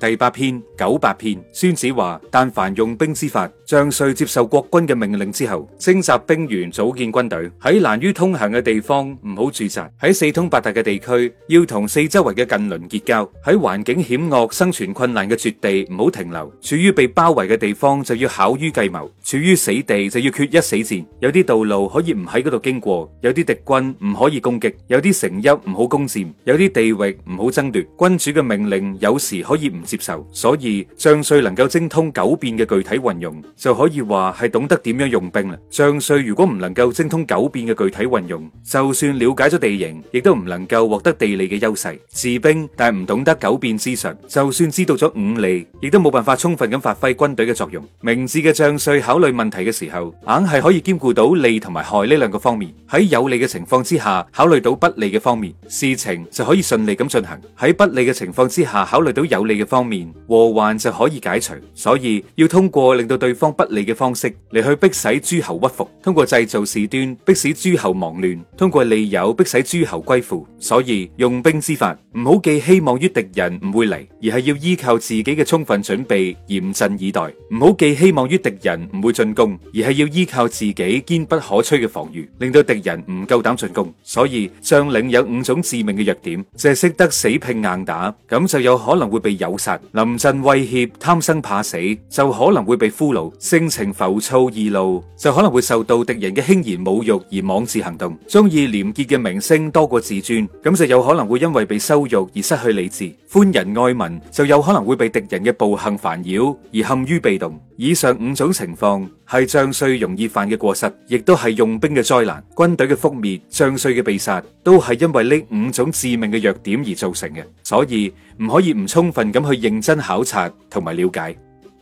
第八篇九變篇，孫子話：但凡用兵之法，將帥接受國君嘅命令之後，徵集兵員，組建軍隊。喺難於通行嘅地方唔好駐紮；喺四通八達嘅地區，要同四周圍嘅近鄰結交。喺環境險惡、生存困難嘅絕地唔好停留。處於被包圍嘅地方就要巧於計謀；處於死地就要決一死戰。有啲道路可以唔喺嗰度經過；有啲敵軍唔可以攻擊；有啲城邑唔好攻佔；有啲地域唔好爭奪。君主嘅命令有時可以唔。接受，所以將帥能夠精通九變嘅具體運用，就可以話係懂得點樣用兵啦。將帥如果唔能夠精通九變嘅具體運用，就算了解咗地形，亦都唔能夠獲得地理嘅優勢。治兵但係唔懂得九變之術，就算知道咗五利，亦都冇辦法充分咁發揮軍隊嘅作用。明智嘅將帥考慮問題嘅時候，硬係可以兼顧到利同埋害呢兩個方面。喺有利嘅情況之下，考慮到不利嘅方面，事情就可以順利咁進行；喺不利嘅情況之下，考慮到有利嘅方，方面禍患就可以解除，所以要通過令到對方不利嘅方式嚟去逼使諸侯屈服；通過製造事端逼使諸侯忙亂；通過利誘逼使諸侯歸附。所以用兵之法唔好寄希望於敵人唔會嚟，而係要依靠自己嘅充分準備嚴陣以待；唔好寄希望於敵人唔會進攻，而係要依靠自己堅不可摧嘅防禦，令到敵人唔夠膽進攻。所以將領有五種致命嘅弱點，就係識得死拼硬打，咁就有可能會被誘殺。臨陣威脅、貪生怕死，就可能會被俘虜；性情浮躁易怒，就可能會受到敵人嘅輕言侮辱而妄自行動；中意廉潔嘅名聲多過自尊，咁就有可能會因為被羞辱而失去理智；寬仁愛民，就有可能會被敵人嘅暴行煩擾而陷於被動。以上五種情況，係將帥容易犯嘅過失，亦都係用兵嘅災難，軍隊嘅覆滅、將帥嘅被殺，都係因為呢五種致命嘅弱點而造成嘅。所以唔可以唔充分咁去認真考察同埋了解。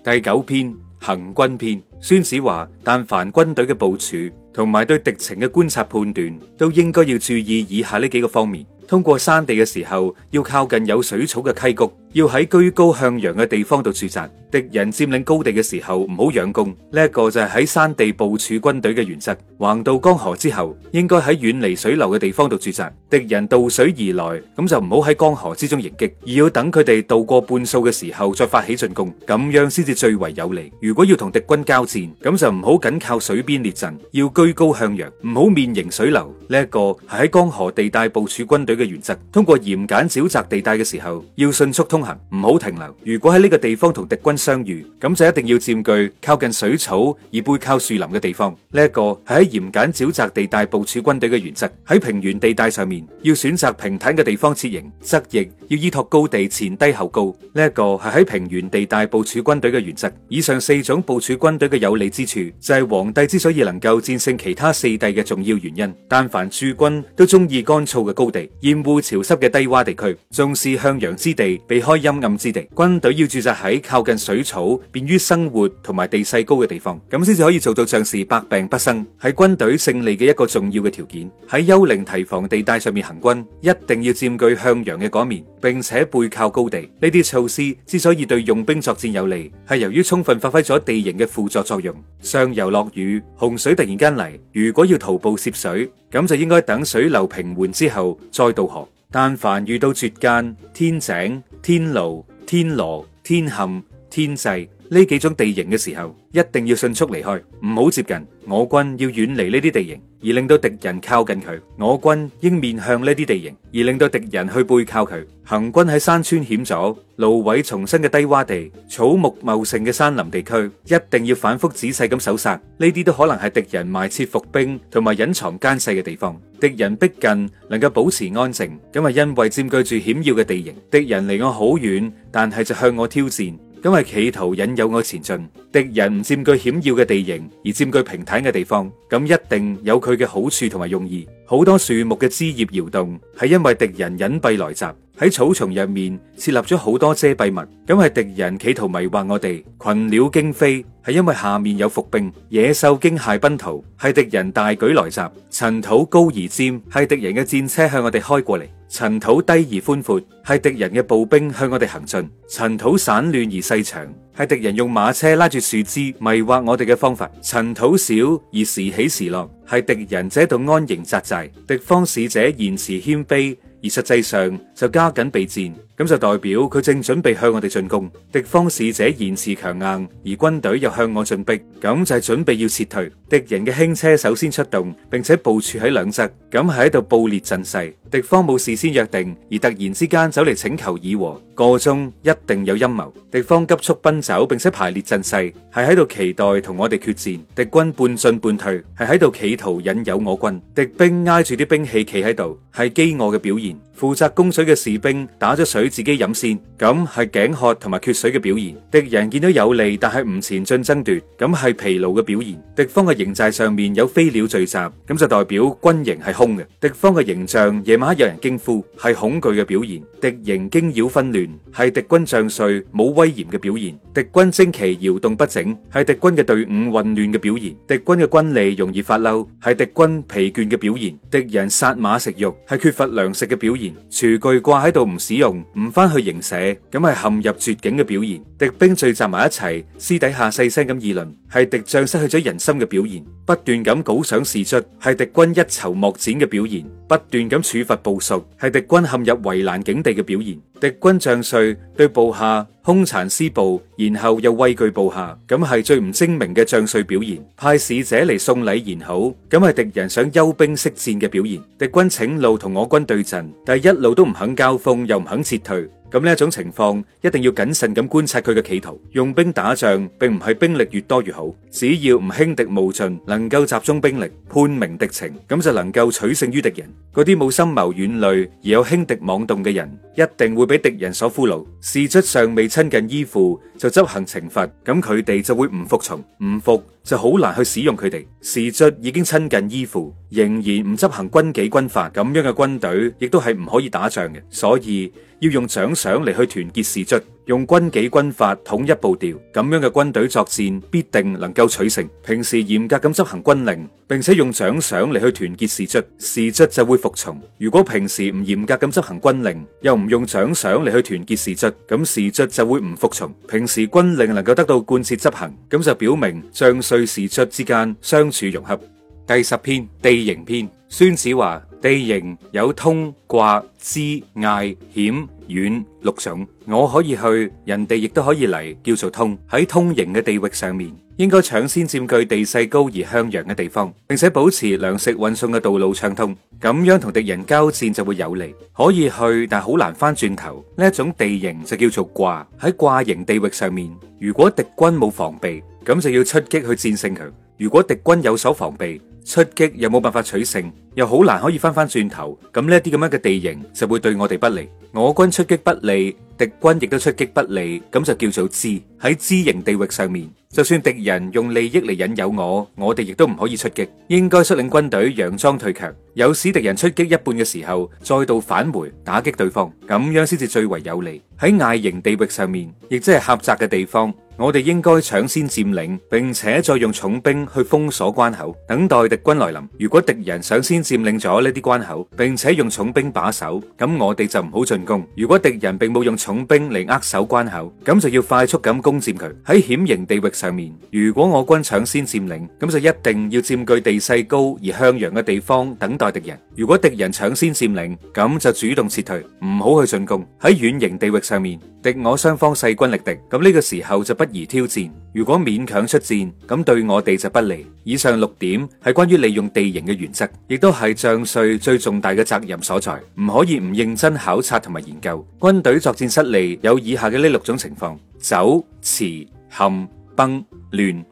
第九篇行軍篇，孫子話：但凡軍隊嘅部署同埋對敵情嘅觀察判斷，都應該要注意以下呢幾個方面。通過山地嘅時候，要靠近有水草嘅溪谷，要喺居高向陽嘅地方度駐紮。敵人佔領高地嘅時候，唔好仰攻。呢一個就係喺山地部署軍隊嘅原則。橫渡江河之後，應該喺遠離水流嘅地方度駐紮。敵人渡水而來，咁就唔好喺江河之中迎擊，而要等佢哋渡過半數嘅時候再發起進攻，咁樣先至最為有利。如果要同敵軍交戰，咁就唔好緊靠水邊列陣，要居高向陽，唔好面迎水流。呢一個係喺江河地帶部署軍隊。嘅原則，通過鹽鹼沼澤地帶嘅時候，要迅速通行，唔好停留。如果喺呢個地方同敵軍相遇，咁就一定要佔據靠近水草而背靠樹林嘅地方。呢、這、一個係喺鹽鹼沼澤地帶部署軍隊嘅原則。喺平原地帶上面，要選擇平坦嘅地方設營，側翼，要依託高地，前低後高，呢、這、一個係喺平原地帶部署軍隊嘅原則。以上四種部署軍隊嘅有利之處，就係、是、黃帝之所以能夠戰勝其他四帝嘅重要原因。但凡駐軍都中意乾燥嘅高地，厭惡潮濕嘅低窪地區，重視向陽之地，避開陰暗之地。軍隊要駐紮喺靠近水草、便於生活同埋地勢高嘅地方，咁先至可以做到將士百病不生，係軍隊勝利嘅一個重要嘅條件。喺丘陵堤防地帶上面行軍，一定要佔據向陽嘅嗰面。並且背靠高地，呢啲措施之所以對用兵作戰有利，係由於充分發揮咗地形嘅輔助作用。上游落雨，洪水突然間嚟，如果要徒步涉水，咁就應該等水流平緩之後再渡河。但凡遇到絕澗、天井、天牢、天羅、天陷、天隙，呢幾種地形嘅時候，一定要迅速離開，唔好接近。我軍要遠離呢啲地形，而令到敵人靠近佢；我軍應面向呢啲地形，而令到敵人去背靠佢。行軍喺山川險阻、蘆葦叢生嘅低窪地、草木茂盛嘅山林地區，一定要反復仔細咁搜殺，呢啲都可能係敵人埋設伏兵同埋隱藏奸細嘅地方。敵人逼近，能夠保持安靜，咁係因為佔據住險要嘅地形。敵人離我好遠，但係就向我挑戰。因為企圖引誘我前進，敵人唔佔據險要嘅地形，而佔據平坦嘅地方，咁一定有佢嘅好處同埋用意。好多樹木嘅枝葉搖動，係因為敵人隱蔽來襲。喺草叢入面設立咗好多遮蔽物，咁係敵人企圖迷惑我哋。群鳥驚飛係因為下面有伏兵，野獸驚駭奔逃係敵人大舉來襲。塵土高而尖係敵人嘅戰車向我哋開過嚟，塵土低而寬闊係敵人嘅步兵向我哋行進，塵土散亂而細長係敵人用馬車拉住樹枝迷惑我哋嘅方法，塵土少而時起時落。係敵人喺度安營紮寨，敵方使者言辭謙卑，而實際上就加緊備戰，咁就代表佢正準備向我哋進攻。敵方使者言辭強硬，而軍隊又向我進逼，咁就係準備要撤退。敵人嘅輕車首先出動，並且部署喺兩側，咁係喺度布列陣勢。敵方冇事先約定，而突然之間走嚟請求議和，個中一定有陰謀。敵方急速奔走，並且排列陣勢，係喺度期待同我哋決戰。敵軍半進半退，係喺度企。圖引誘我軍，敵兵挨住啲兵器企喺度，係飢餓嘅表現。負責供水嘅士兵打咗水自己飲先，咁係頸渴同埋缺水嘅表現。敵人見到有利但係唔前進爭奪，咁係疲勞嘅表現。敵方嘅營寨上面有飛鳥聚集，咁就代表軍營係空嘅。敵方嘅營帳夜晚黑有人驚呼，係恐懼嘅表現。敵營驚擾紛亂，係敵軍將帥冇威嚴嘅表現。敵軍旌旗搖動不整，係敵軍嘅隊伍混亂嘅表現。敵軍嘅軍吏容易發嬲，係敵軍疲倦嘅表現。敵人殺馬食肉，係缺乏糧食嘅表現。廚具掛喺度唔使用，唔翻去營舍，咁係陷入絕境嘅表現；敵兵聚集埋一齊，私底下細聲咁議論，係敵將失去咗人心嘅表現；不斷咁犒賞士卒，係敵軍一籌莫展嘅表現；不斷咁處罰部屬，係敵軍陷入危難境地嘅表現。敵軍將帥對部下凶殘施暴，然後又畏懼部下，咁係最唔精明嘅將帥表現。派使者嚟送禮言好，咁係敵人想休兵息戰嘅表現。敵軍請路同我軍對陣，但係一路都唔肯交鋒，又唔肯撤退。咁呢一種情況，一定要謹慎咁觀察佢嘅企圖。用兵打仗，並唔係兵力越多越好，只要唔輕敵冒進，能夠集中兵力，判明敵情，咁就能夠取勝於敵人。嗰啲冇深謀遠慮而有輕敵妄動嘅人，一定會俾敵人所俘虜。士卒尚未親近依附，就執行懲罰，咁佢哋就會唔服從，唔服就好難去使用佢哋。士卒已經親近依附，仍然唔執行軍紀軍法，咁樣嘅軍隊，亦都係唔可以打仗嘅。所以。要用獎賞嚟去團結士卒，用軍紀軍法統一步調，咁樣嘅軍隊作戰必定能夠取勝。平時嚴格咁執行軍令，並且用獎賞嚟去團結士卒,士卒就會服從。如果平時唔嚴格咁執行軍令，又唔用獎賞嚟去團結士卒,咁士卒就會唔服從。平時軍令能夠得到貫徹執行，咁就表明將帥士卒之間相處融合。第十篇地形篇。孫子話：地形有通、掛、支、隘、險、遠六種。我可以去，人哋亦都可以嚟，叫做通。喺通型嘅地域上面，應該搶先佔據地勢高而向陽嘅地方，並且保持糧食運送嘅道路暢通。咁樣同敵人交戰就會有利。可以去，但好難翻轉頭，呢一種地形就叫做掛。喺掛型地域上面，如果敵軍冇防備，咁就要出擊去戰勝佢；如果敵軍有所防備，出擊又冇辦法取勝，又好難可以翻翻轉頭，咁呢一啲咁樣嘅地形就會對我哋不利。我軍出擊不利，敵軍亦都出擊不利，咁就叫做支。喺支形地域上面，就算敵人用利益嚟引誘我，我哋亦都唔可以出擊，應該率領軍隊佯裝退卻，有使敵人出擊一半嘅時候，再度返回打擊對方，咁樣先至最為有利。喺隘形地域上面，亦即係狹窄嘅地方。我哋應該搶先佔領，並且再用重兵去封鎖關口，等待敵軍來臨。如果敵人搶先佔領咗呢啲關口，並且用重兵把守，咁我哋就唔好進攻。如果敵人並冇用重兵嚟扼守關口，咁就要快速咁攻佔佢。喺險形地域上面，如果我軍搶先佔領，咁就一定要佔據地勢高而向陽嘅地方，等待敵人。如果敵人搶先佔領，咁就主動撤退，唔好去進攻。喺遠形地域上面。敵我雙方勢均力敵，咁呢個時候就不宜挑戰。如果勉強出戰，咁對我哋就不利。以上六點係關於利用地形嘅原則，亦都係將帥最重大嘅責任所在，唔可以唔認真考察同埋研究。軍隊作戰失利有以下嘅呢六種情況：走、弛、陷、崩、亂。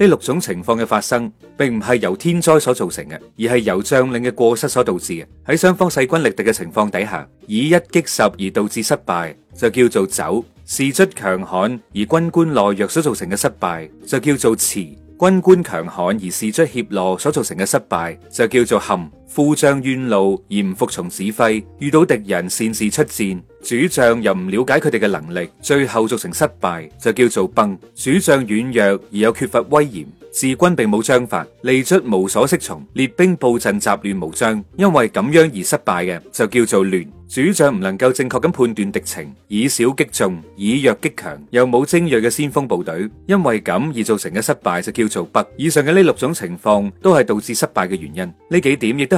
呢六種情況嘅發生，並唔係由天災所造成嘅，而係由將領嘅過失所導致嘅。喺雙方勢均力敵嘅情況底下，以一擊十而導致失敗，就叫做走；士卒強悍而軍官懦弱所造成嘅失敗，就叫做弛；軍官強悍而士卒怯懦所造成嘅失敗，就叫做陷。副將怨怒而唔服從指揮，遇到敵人擅自出戰，主將又唔了解佢哋嘅能力，最後造成失敗，就叫做崩。主將軟弱而又缺乏威嚴，治軍並冇章法，吏卒無所適從，列兵布陣雜亂無章，因為咁樣而失敗嘅，就叫做亂。主將唔能夠正確咁判斷敵情，以少擊眾，以弱擊強，又冇精銳嘅先鋒部隊，因為咁而造成嘅失敗，就叫做北。以上嘅呢六種情況都係導致失敗嘅原因，呢幾點亦都。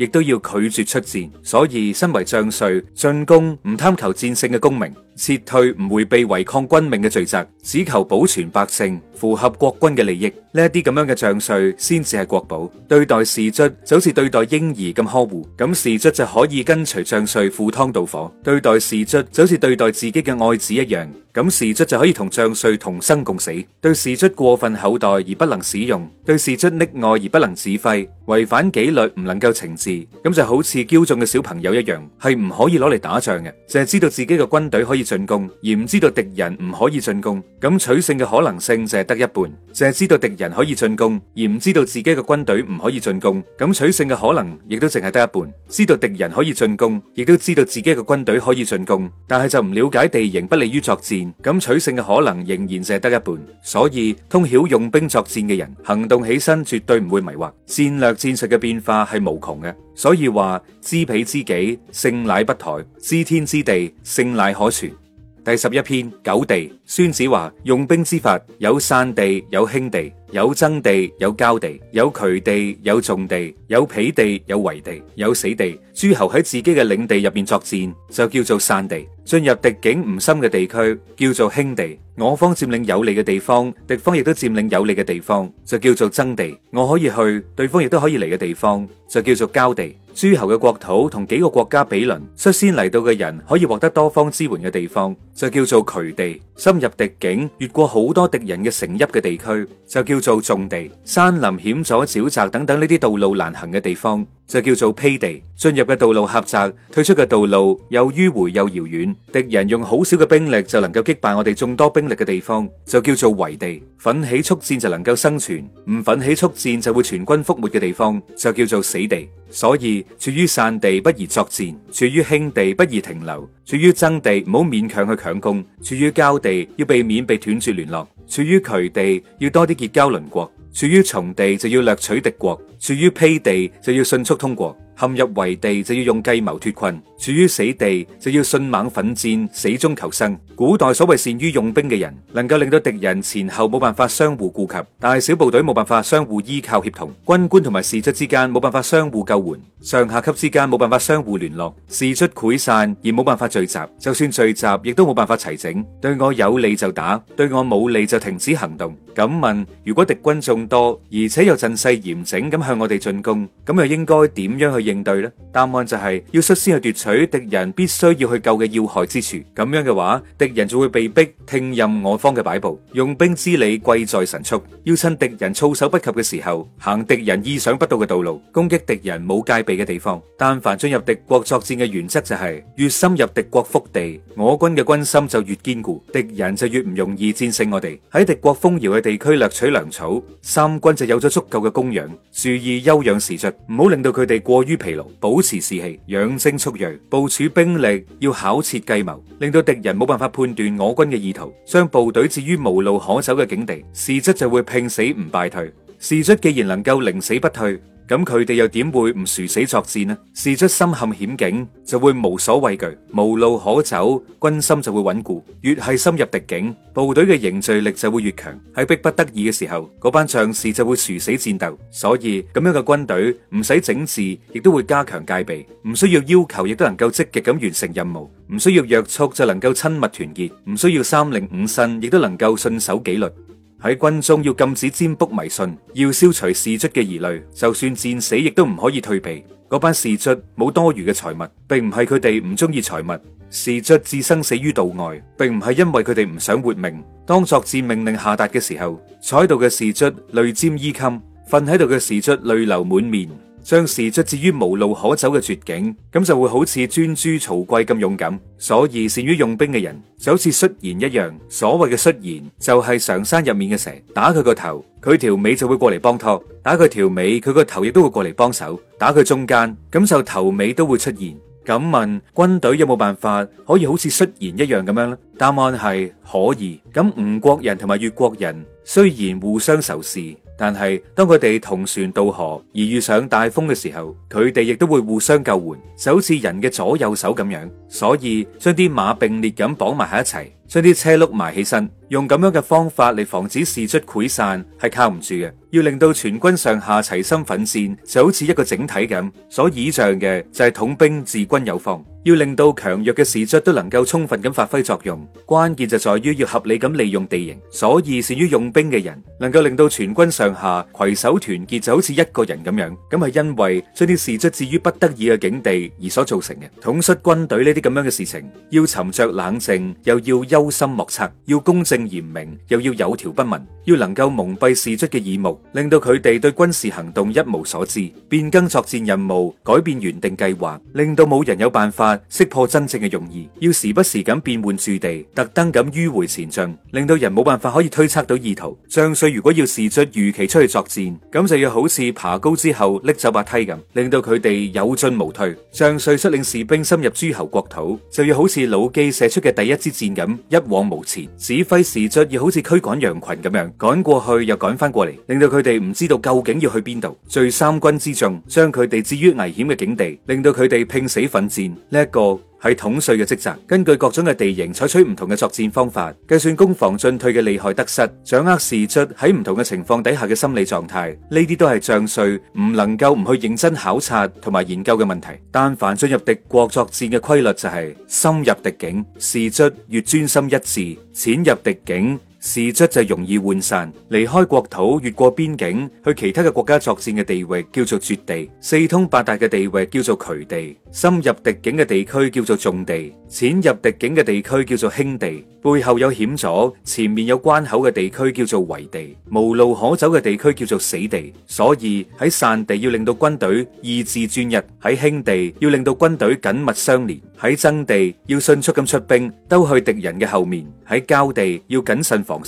亦都要拒絕出戰，所以身為將帥，進攻唔貪求戰勝嘅功名，撤退唔會避違抗軍命嘅罪責，只求保存百姓，符合國君嘅利益。呢一啲咁樣嘅將帥先至係國寶。對待士卒就好似對待嬰兒咁呵護，咁士卒就可以跟隨將帥赴湯蹈火。對待士卒就好似對待自己嘅愛子一樣，咁士卒就可以同將帥同生共死。對士卒過分厚待而不能使用，對士卒溺愛而不能指揮，違反紀律唔能夠懲治。咁就好似驕縱嘅小朋友一樣，係唔可以攞嚟打仗嘅。淨係知道自己嘅軍隊可以進攻，而唔知道敵人唔可以進攻，咁取勝嘅可能性就係得一半；淨係知道敵人可以進攻，而唔知道自己嘅軍隊唔可以進攻，咁取勝嘅可能亦都淨係得一半；知道敵人可以進攻，亦都知道自己嘅軍隊可以進攻，但係就唔了解地形不利於作戰，咁取勝嘅可能仍然就係得一半。所以通曉用兵作戰嘅人，行動起身絕對唔會迷惑，戰略戰術嘅變化係無窮嘅。所以話知彼知己，勝乃不殆；知天知地，勝乃可全。第十一篇九地，孫子話：用兵之法有散地，有輕地，有爭地，有交地，有衢地，有重地，有圮地，有圍地，有死地。諸侯喺自己嘅領地入邊作戰，就叫做散地；進入敵境唔深嘅地區，叫做輕地；我方佔領有利嘅地方，敵方亦都佔領有利嘅地方，就叫做爭地；我可以去，對方亦都可以嚟嘅地方，就叫做交地。諸侯嘅國土同幾個國家比鄰，率先嚟到嘅人可以獲得多方支援嘅地方，就叫做衢地；深入敵境、越過好多敵人嘅城邑嘅地區，就叫做重地；山林險阻、沼澤等等呢啲道路難行嘅地方，就叫做坯地，進入嘅道路狹窄，退出嘅道路又迂回又遙遠，敵人用好少嘅兵力就能夠擊敗我哋眾多兵力嘅地方，就叫做圍地奮起速戰就能夠生存，唔奮起速戰就會全軍覆沒嘅地方，就叫做死地。處於圮地就要迅速通過，陷入圍地就要用計謀脱困；處於死地就要迅猛奮戰，死中求生。古代所謂善於用兵嘅人，能夠令到敵人前後冇辦法相互顧及，大小部隊冇辦法相互依靠協同，軍官同埋士卒之間冇辦法相互救援，上下級之間冇辦法相互聯絡，士卒潰散而冇辦法聚集，就算聚集亦都冇辦法齊整。對我有利就打，對我冇利就停止行動。敢問，如果敵軍眾多，而且又陣勢嚴整咁？向我哋進攻，咁又應該點樣去應對呢？答案就係要率先去奪取敵人必須要去救嘅要害之處。咁樣嘅話，敵人就會被逼聽任我方嘅擺布。用兵之理貴在神速，要趁敵人措手不及嘅時候，行敵人意想不到嘅道路，攻擊敵人冇戒備嘅地方。但凡進入敵國作戰嘅原則就係，越深入敵國腹地，我軍嘅軍心就越堅固，敵人就越唔容易戰勝我哋。喺敵國豐饒嘅地區掠取糧草，三軍就有咗足夠嘅供養。住而休養士卒，唔好令到佢哋過於疲勞，保持士氣，養精蓄銳，部署兵力要巧設計謀，令到敵人冇辦法判斷我軍嘅意圖，將部隊置於無路可走嘅境地，士卒就會拼死唔敗退。士卒既然能夠寧死不退。咁佢哋又點會唔殊死作戰呢？事出深陷險境，就會無所畏懼，無路可走，軍心就會穩固。越係深入敵境，部隊嘅凝聚力就會越強。喺迫不得已嘅時候，嗰班將士就會殊死戰鬥。所以咁樣嘅軍隊唔使整治，亦都會加強戒備，唔需要要求，亦都能夠積極咁完成任務，唔需要約束就能夠親密團結，唔需要三令五申，亦都能夠信守紀律。喺軍中要禁止占卜迷信，要消除士卒嘅疑慮。就算戰死亦都唔可以退避。嗰班士卒冇多餘嘅財物，並唔係佢哋唔中意財物。士卒自生死於度外，並唔係因為佢哋唔想活命。當作戰命令下達嘅時候，坐喺度嘅士卒淚沾衣襟，瞓喺度嘅士卒淚流滿面。將士卒至於無路可走嘅絕境，咁就會好似專諸曹劌咁勇敢。所以善於用兵嘅人就好似率然一樣。所謂嘅率然就係、是、常山入面嘅蛇。打佢個頭，佢條尾就會過嚟幫拖；打佢條尾，佢個頭亦都會過嚟幫手；打佢中間，咁就頭尾都會出現。敢問軍隊有冇辦法可以好似率然一樣咁樣咧？答案係可以。咁吳國人同埋越國人雖然互相仇視。但係，當佢哋同船渡河而遇上大風嘅時候，佢哋亦都會互相救援，就好似人嘅左右手咁樣。所以將啲馬並列咁綁埋喺一齊。將啲車碌埋起身，用咁樣嘅方法嚟防止士卒潰散，係靠唔住嘅。要令到全軍上下齊心奮戰，就好似一個整體咁。所倚仗嘅就係統兵治軍有方，要令到強弱嘅士卒都能夠充分咁發揮作用。關鍵就在於要合理咁利用地形。所以善於用兵嘅人，能夠令到全軍上下攜手團結，就好似一個人咁樣。咁係因為將啲士卒置於不得已嘅境地而所造成嘅。統率軍隊呢啲咁樣嘅事情，要沉着冷靜，又要優。高深莫測，要公正嚴明，又要有條不紊，要能夠蒙蔽士卒嘅耳目，令到佢哋對軍事行動一無所知，變更作戰任務，改變原定計劃，令到冇人有辦法識破真正嘅用意。要時不時咁變換駐地，特登咁迂回前進，令到人冇辦法可以推測到意圖。將帥如果要士卒如期出去作戰，咁就要好似爬高之後拎走把梯咁，令到佢哋有進無退。將帥率領士兵深入諸侯國土，就要好似老雞射出嘅第一支箭咁。一往無前，指揮士卒，又好似驅趕羊群咁樣，趕過去又趕翻過嚟，令到佢哋唔知道究竟要去邊度。聚三軍之眾，將佢哋置於危險嘅境地，令到佢哋拼死奮戰。呢、這、一個。係統帥嘅職責，根據各種嘅地形採取唔同嘅作戰方法，計算攻防進退嘅利害得失，掌握士卒喺唔同嘅情況底下嘅心理狀態，呢啲都係將帥唔能夠唔去認真考察同埋研究嘅問題。但凡進入敵國作戰嘅規律就係、是、深入敵境，士卒越專心一致，淺入敵境。士卒就容易渙散。離開國土、越過邊境去其他嘅國家作戰嘅地域叫做絕地；四通八達嘅地域叫做衢地；深入敵境嘅地區叫做重地；淺入敵境嘅地區叫做輕地；背後有險阻、前面有關口嘅地區叫做圍地；無路可走嘅地區叫做死地。所以喺散地要令到軍隊意志專一；喺輕地要令到軍隊緊密相連；喺爭地要迅速咁出兵兜去敵人嘅後面；喺交地要謹慎，防守，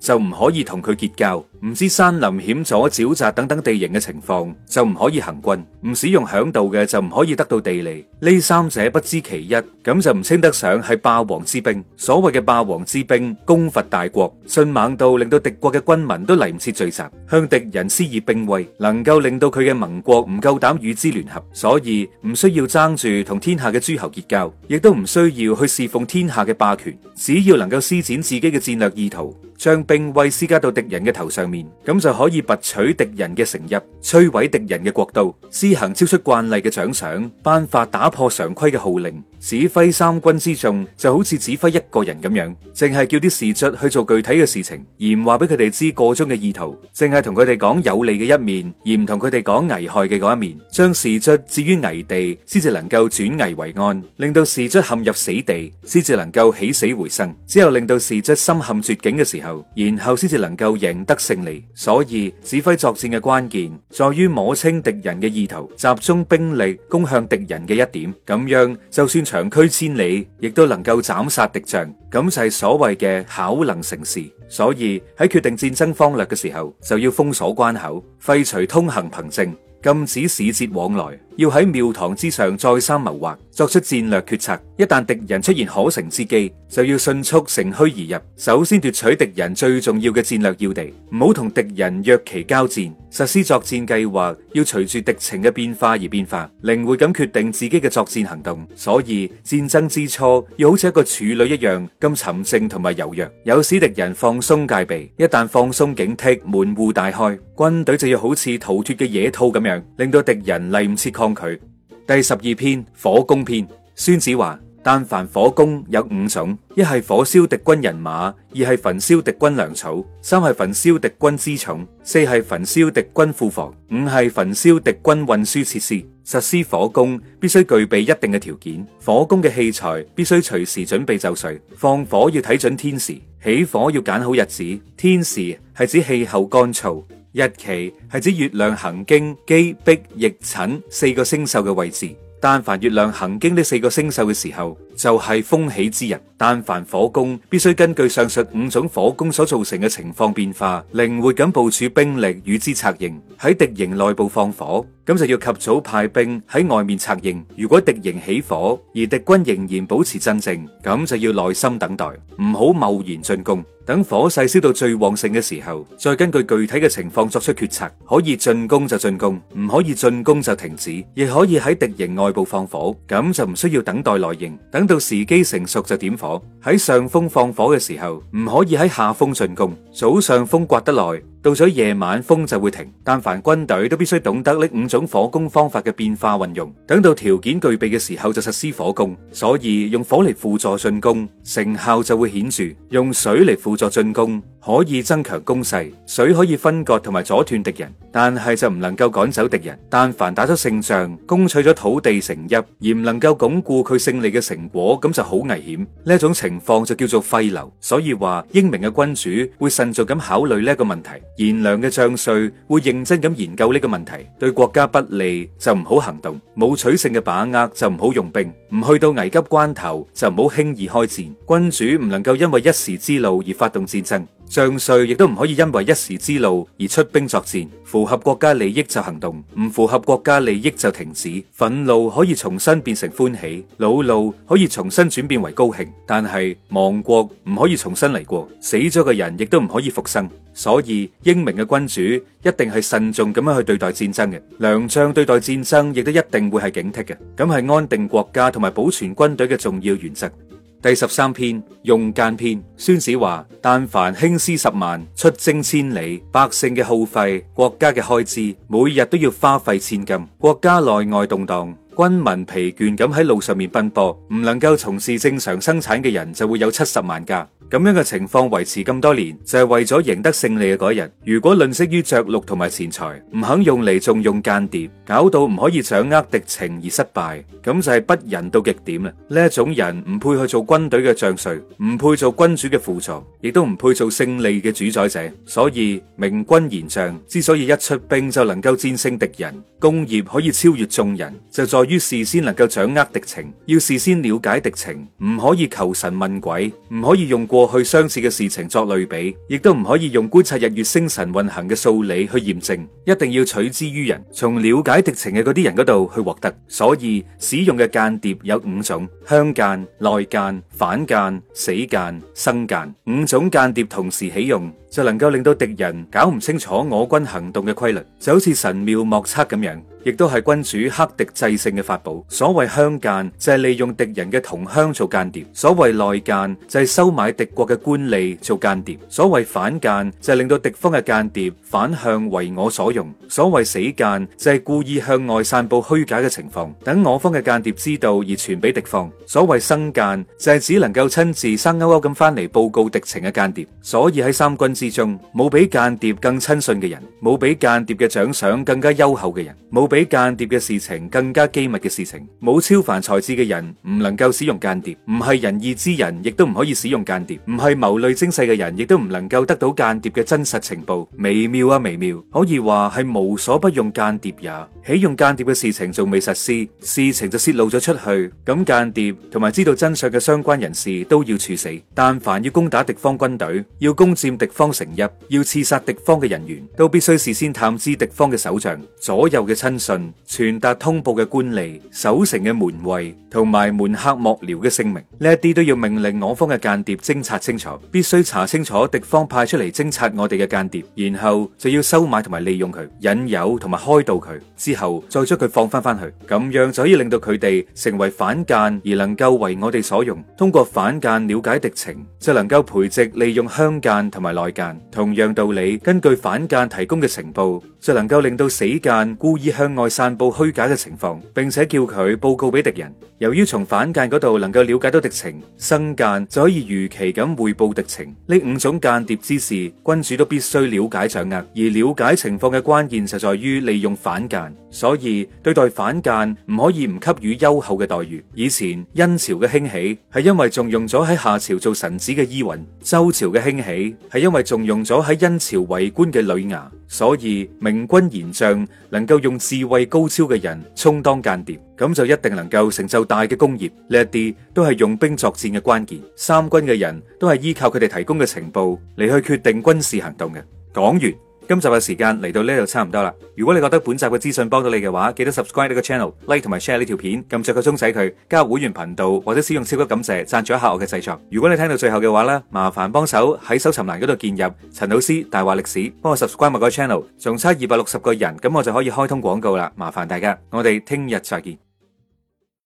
就唔可以同佢結交，唔知山林險阻、沼澤等等地形嘅情況，就唔可以行軍；唔使用響道嘅，就唔可以得到地利。呢三者不知其一，咁就唔稱得上係霸王之兵。所謂嘅霸王之兵，攻伐大國，迅猛到令到敵國嘅軍民都嚟唔切聚集，向敵人施以兵威，能夠令到佢嘅盟國唔夠膽與之聯合。所以唔需要爭住同天下嘅諸侯結交，亦都唔需要去侍奉天下嘅霸權，只要能夠施展自己嘅戰略意圖。將兵威施加到敵人嘅頭上面，咁就可以拔取敵人嘅城邑，摧毀敵人嘅國度，施行超出慣例嘅獎賞，頒發打破常規嘅號令，指揮三軍之眾就好似指揮一個人咁樣，淨係叫啲士卒去做具體嘅事情，而唔話俾佢哋知個中嘅意圖，淨係同佢哋講有利嘅一面，而唔同佢哋講危害嘅嗰一面，將士卒置於危地，先至能夠轉危為安，令到士卒陷入死地，先至能夠起死回生，之後令到士卒深陷絕境嘅時候。然後先至能夠贏得勝利，所以指揮作戰嘅關鍵在於摸清敵人嘅意圖，集中兵力攻向敵人嘅一點，咁樣就算長驅千里，亦都能夠斬殺敵將。咁就係所謂嘅巧能成事。所以喺決定戰爭方略嘅時候，就要封鎖關口，廢除通行憑證，禁止使節往來。要喺廟堂之上再三謀劃，作出戰略決策。一旦敵人出現可乘之機，就要迅速乘虛而入，首先奪取敵人最重要嘅戰略要地。唔好同敵人約期交戰，實施作戰計劃要隨住敵情嘅變化而變化，靈活咁決定自己嘅作戰行動。所以戰爭之初要好似一個處女一樣咁沉靜同埋柔弱，有使敵人放鬆戒備。一旦放鬆警惕，門戶大開，軍隊就要好似逃脫嘅野兔咁樣，令到敵人嚟唔切確。佢第十二篇火攻篇，孫子話：但凡火攻有五種，一係火燒敵軍人馬，二係焚燒敵軍糧草，三係焚燒敵軍輜重，四係焚燒敵軍庫房，五係焚燒敵軍運輸設施。實施火攻必須具備一定嘅條件，火攻嘅器材必須隨時準備就緒，放火要睇準天時，起火要揀好日子。天時係指氣候乾燥。日期係指月亮行經箕、壁、翼、軫四個星宿嘅位置。但凡月亮行經呢四個星宿嘅時候，就係風起之日，但凡火攻，必須根據上述五種火攻所造成嘅情況變化，靈活咁部署兵力與之策應。喺敵營內部放火，咁就要及早派兵喺外面策應。如果敵營起火，而敵軍仍然保持鎮靜，咁就要耐心等待，唔好貿然進攻。等火勢燒到最旺盛嘅時候，再根據具體嘅情況作出決策。可以進攻就進攻，唔可以進攻就停止，亦可以喺敵營外部放火，咁就唔需要等待內應等。到時機成熟就點火。喺上風放火嘅時候，唔可以喺下風進攻。早上風刮得耐。到咗夜晚，風就會停。但凡軍隊都必須懂得呢五種火攻方法嘅變化運用。等到條件具備嘅時候，就實施火攻。所以用火嚟輔助進攻，成效就會顯著。用水嚟輔助進攻，可以增強攻勢。水可以分割同埋阻斷敵人，但係就唔能夠趕走敵人。但凡打咗勝仗，攻取咗土地、成邑，而唔能夠鞏固佢勝利嘅成果，咁就好危險。呢種情況就叫做費留。所以話英明嘅君主會慎重咁考慮呢個問題。賢良嘅將帥會認真咁研究呢個問題，對國家不利就唔好行動，冇取勝嘅把握就唔好用兵，唔去到危急關頭就唔好輕易開戰。君主唔能夠因為一時之怒而發動戰爭，將帥亦都唔可以因為一時之怒而出兵作戰。符合國家利益就行動，唔符合國家利益就停止。憤怒可以重新變成歡喜，惱怒可以重新轉變為高興，但係亡國唔可以重新嚟過，死咗嘅人亦都唔可以復生。所以英明嘅君主一定係慎重咁樣去對待戰爭嘅，良將對待戰爭亦都一定會係警惕嘅，咁係安定國家同埋保存軍隊嘅重要原則。第十三篇用間篇，孫子話：但凡興師十萬，出征千里，百姓嘅耗費，國家嘅開支，每日都要花費千金，國家內外動盪。軍民疲倦咁喺路上面奔波，唔能夠從事正常生產嘅人就會有七十萬家。咁樣嘅情況維持咁多年，就係為咗贏得勝利嘅嗰日。如果吝嗇於爵祿同埋錢財，唔肯用嚟重用間諜，搞到唔可以掌握敵情而失敗，咁就係不仁到極點啦。呢一種人唔配去做軍隊嘅將帥，唔配做君主嘅輔助，亦都唔配做勝利嘅主宰者。所以明君賢將之所以一出兵就能夠戰勝敵人，功業可以超越眾人，就再於事先能夠掌握敵情，要事先了解敵情，唔可以求神問鬼，唔可以用過去相似嘅事情作類比，亦都唔可以用觀察日月星辰運行嘅數理去驗證，一定要取之於人，從了解敵情嘅嗰啲人嗰度去獲得。所以使用嘅間諜有五種：鄉間、內間、反間、死間、生間，五種間諜同時起用。就能夠令到敵人搞唔清楚我軍行動嘅規律,就好似神妙莫測咁樣,亦都係君主克敵制勝嘅法寶,所謂鄉間,就係利用敵人嘅同鄉做間諜,所謂內間,就係收買敵國嘅官吏做間諜,所謂反間,就係令到敵方嘅間諜反向為我所用,所謂死間,就係故意向外散佈虛假嘅情況,等我方嘅間諜知道而傳俾敵方,所謂生間,就係只能夠親自生勾勾咁返嚟報告敵情嘅間諜,所以喺三之中冇比間諜更親信嘅人，冇比間諜嘅獎賞更加優厚嘅人，冇比間諜嘅事情更加機密嘅事情，冇超凡才智嘅人唔能夠使用間諜，唔係仁義之人亦都唔可以使用間諜，唔係謀略精細嘅人亦都唔能夠得到間諜嘅真實情報。微妙啊，微妙，可以話係無所不用間諜也。起用間諜嘅事情仲未實施，事情就泄露咗出去，咁間諜同埋知道真相嘅相關人士都要處死。但凡要攻打敵方軍隊，要攻占敵方。成一，要刺殺敵方嘅人員，都必須事先探知敵方嘅守將、左右嘅親信、傳達通報嘅官吏、守城嘅門衛同埋門客幕僚嘅姓名。呢一啲都要命令我方嘅間諜偵察清楚，必須查清楚敵方派出嚟偵察我哋嘅間諜，然後就要收買同埋利用佢，引誘同埋開導佢，之後再將佢放翻翻去，咁樣就可以令到佢哋成為反間而能夠為我哋所用。通過反間了解敵情，就能夠培植利用鄉間同埋內。間同樣道理，根據反間提供嘅情報，就能夠令到死間故意向外散布虛假嘅情況，並且叫佢報告俾敵人。由於從反間嗰度能夠了解到敵情，生間就可以如期咁匯報敵情。呢五種間諜之事，君主都必須了解掌握。而了解情況嘅關鍵就在於利用反間。所以對待反間唔可以唔給予優厚嘅待遇。以前殷朝嘅興起係因為重用咗喺夏朝做臣子嘅伊尹，周朝嘅興起係因為。仲用咗喺殷朝為官嘅呂牙，所以明君賢將能夠用智慧高超嘅人充當間諜，咁就一定能夠成就大嘅功業。呢一啲都係用兵作戰嘅關鍵。三軍嘅人都係依靠佢哋提供嘅情報嚟去決定軍事行動嘅。講完。今集嘅時間嚟到呢度差唔多啦。如果你覺得本集嘅資訊幫到你嘅話，記得 subscribe 呢個 channel、like 同埋 share 呢條片，撳着個鐘仔佢，加入會員頻道或者使用超級感謝贊助一下我嘅製作。如果你聽到最後嘅話呢，麻煩幫手喺搜尋欄嗰度建入陳老師大話歷史，幫我 subscribe 埋個 channel，仲差二百六十個人，咁我就可以開通廣告啦。麻煩大家，我哋聽日再見。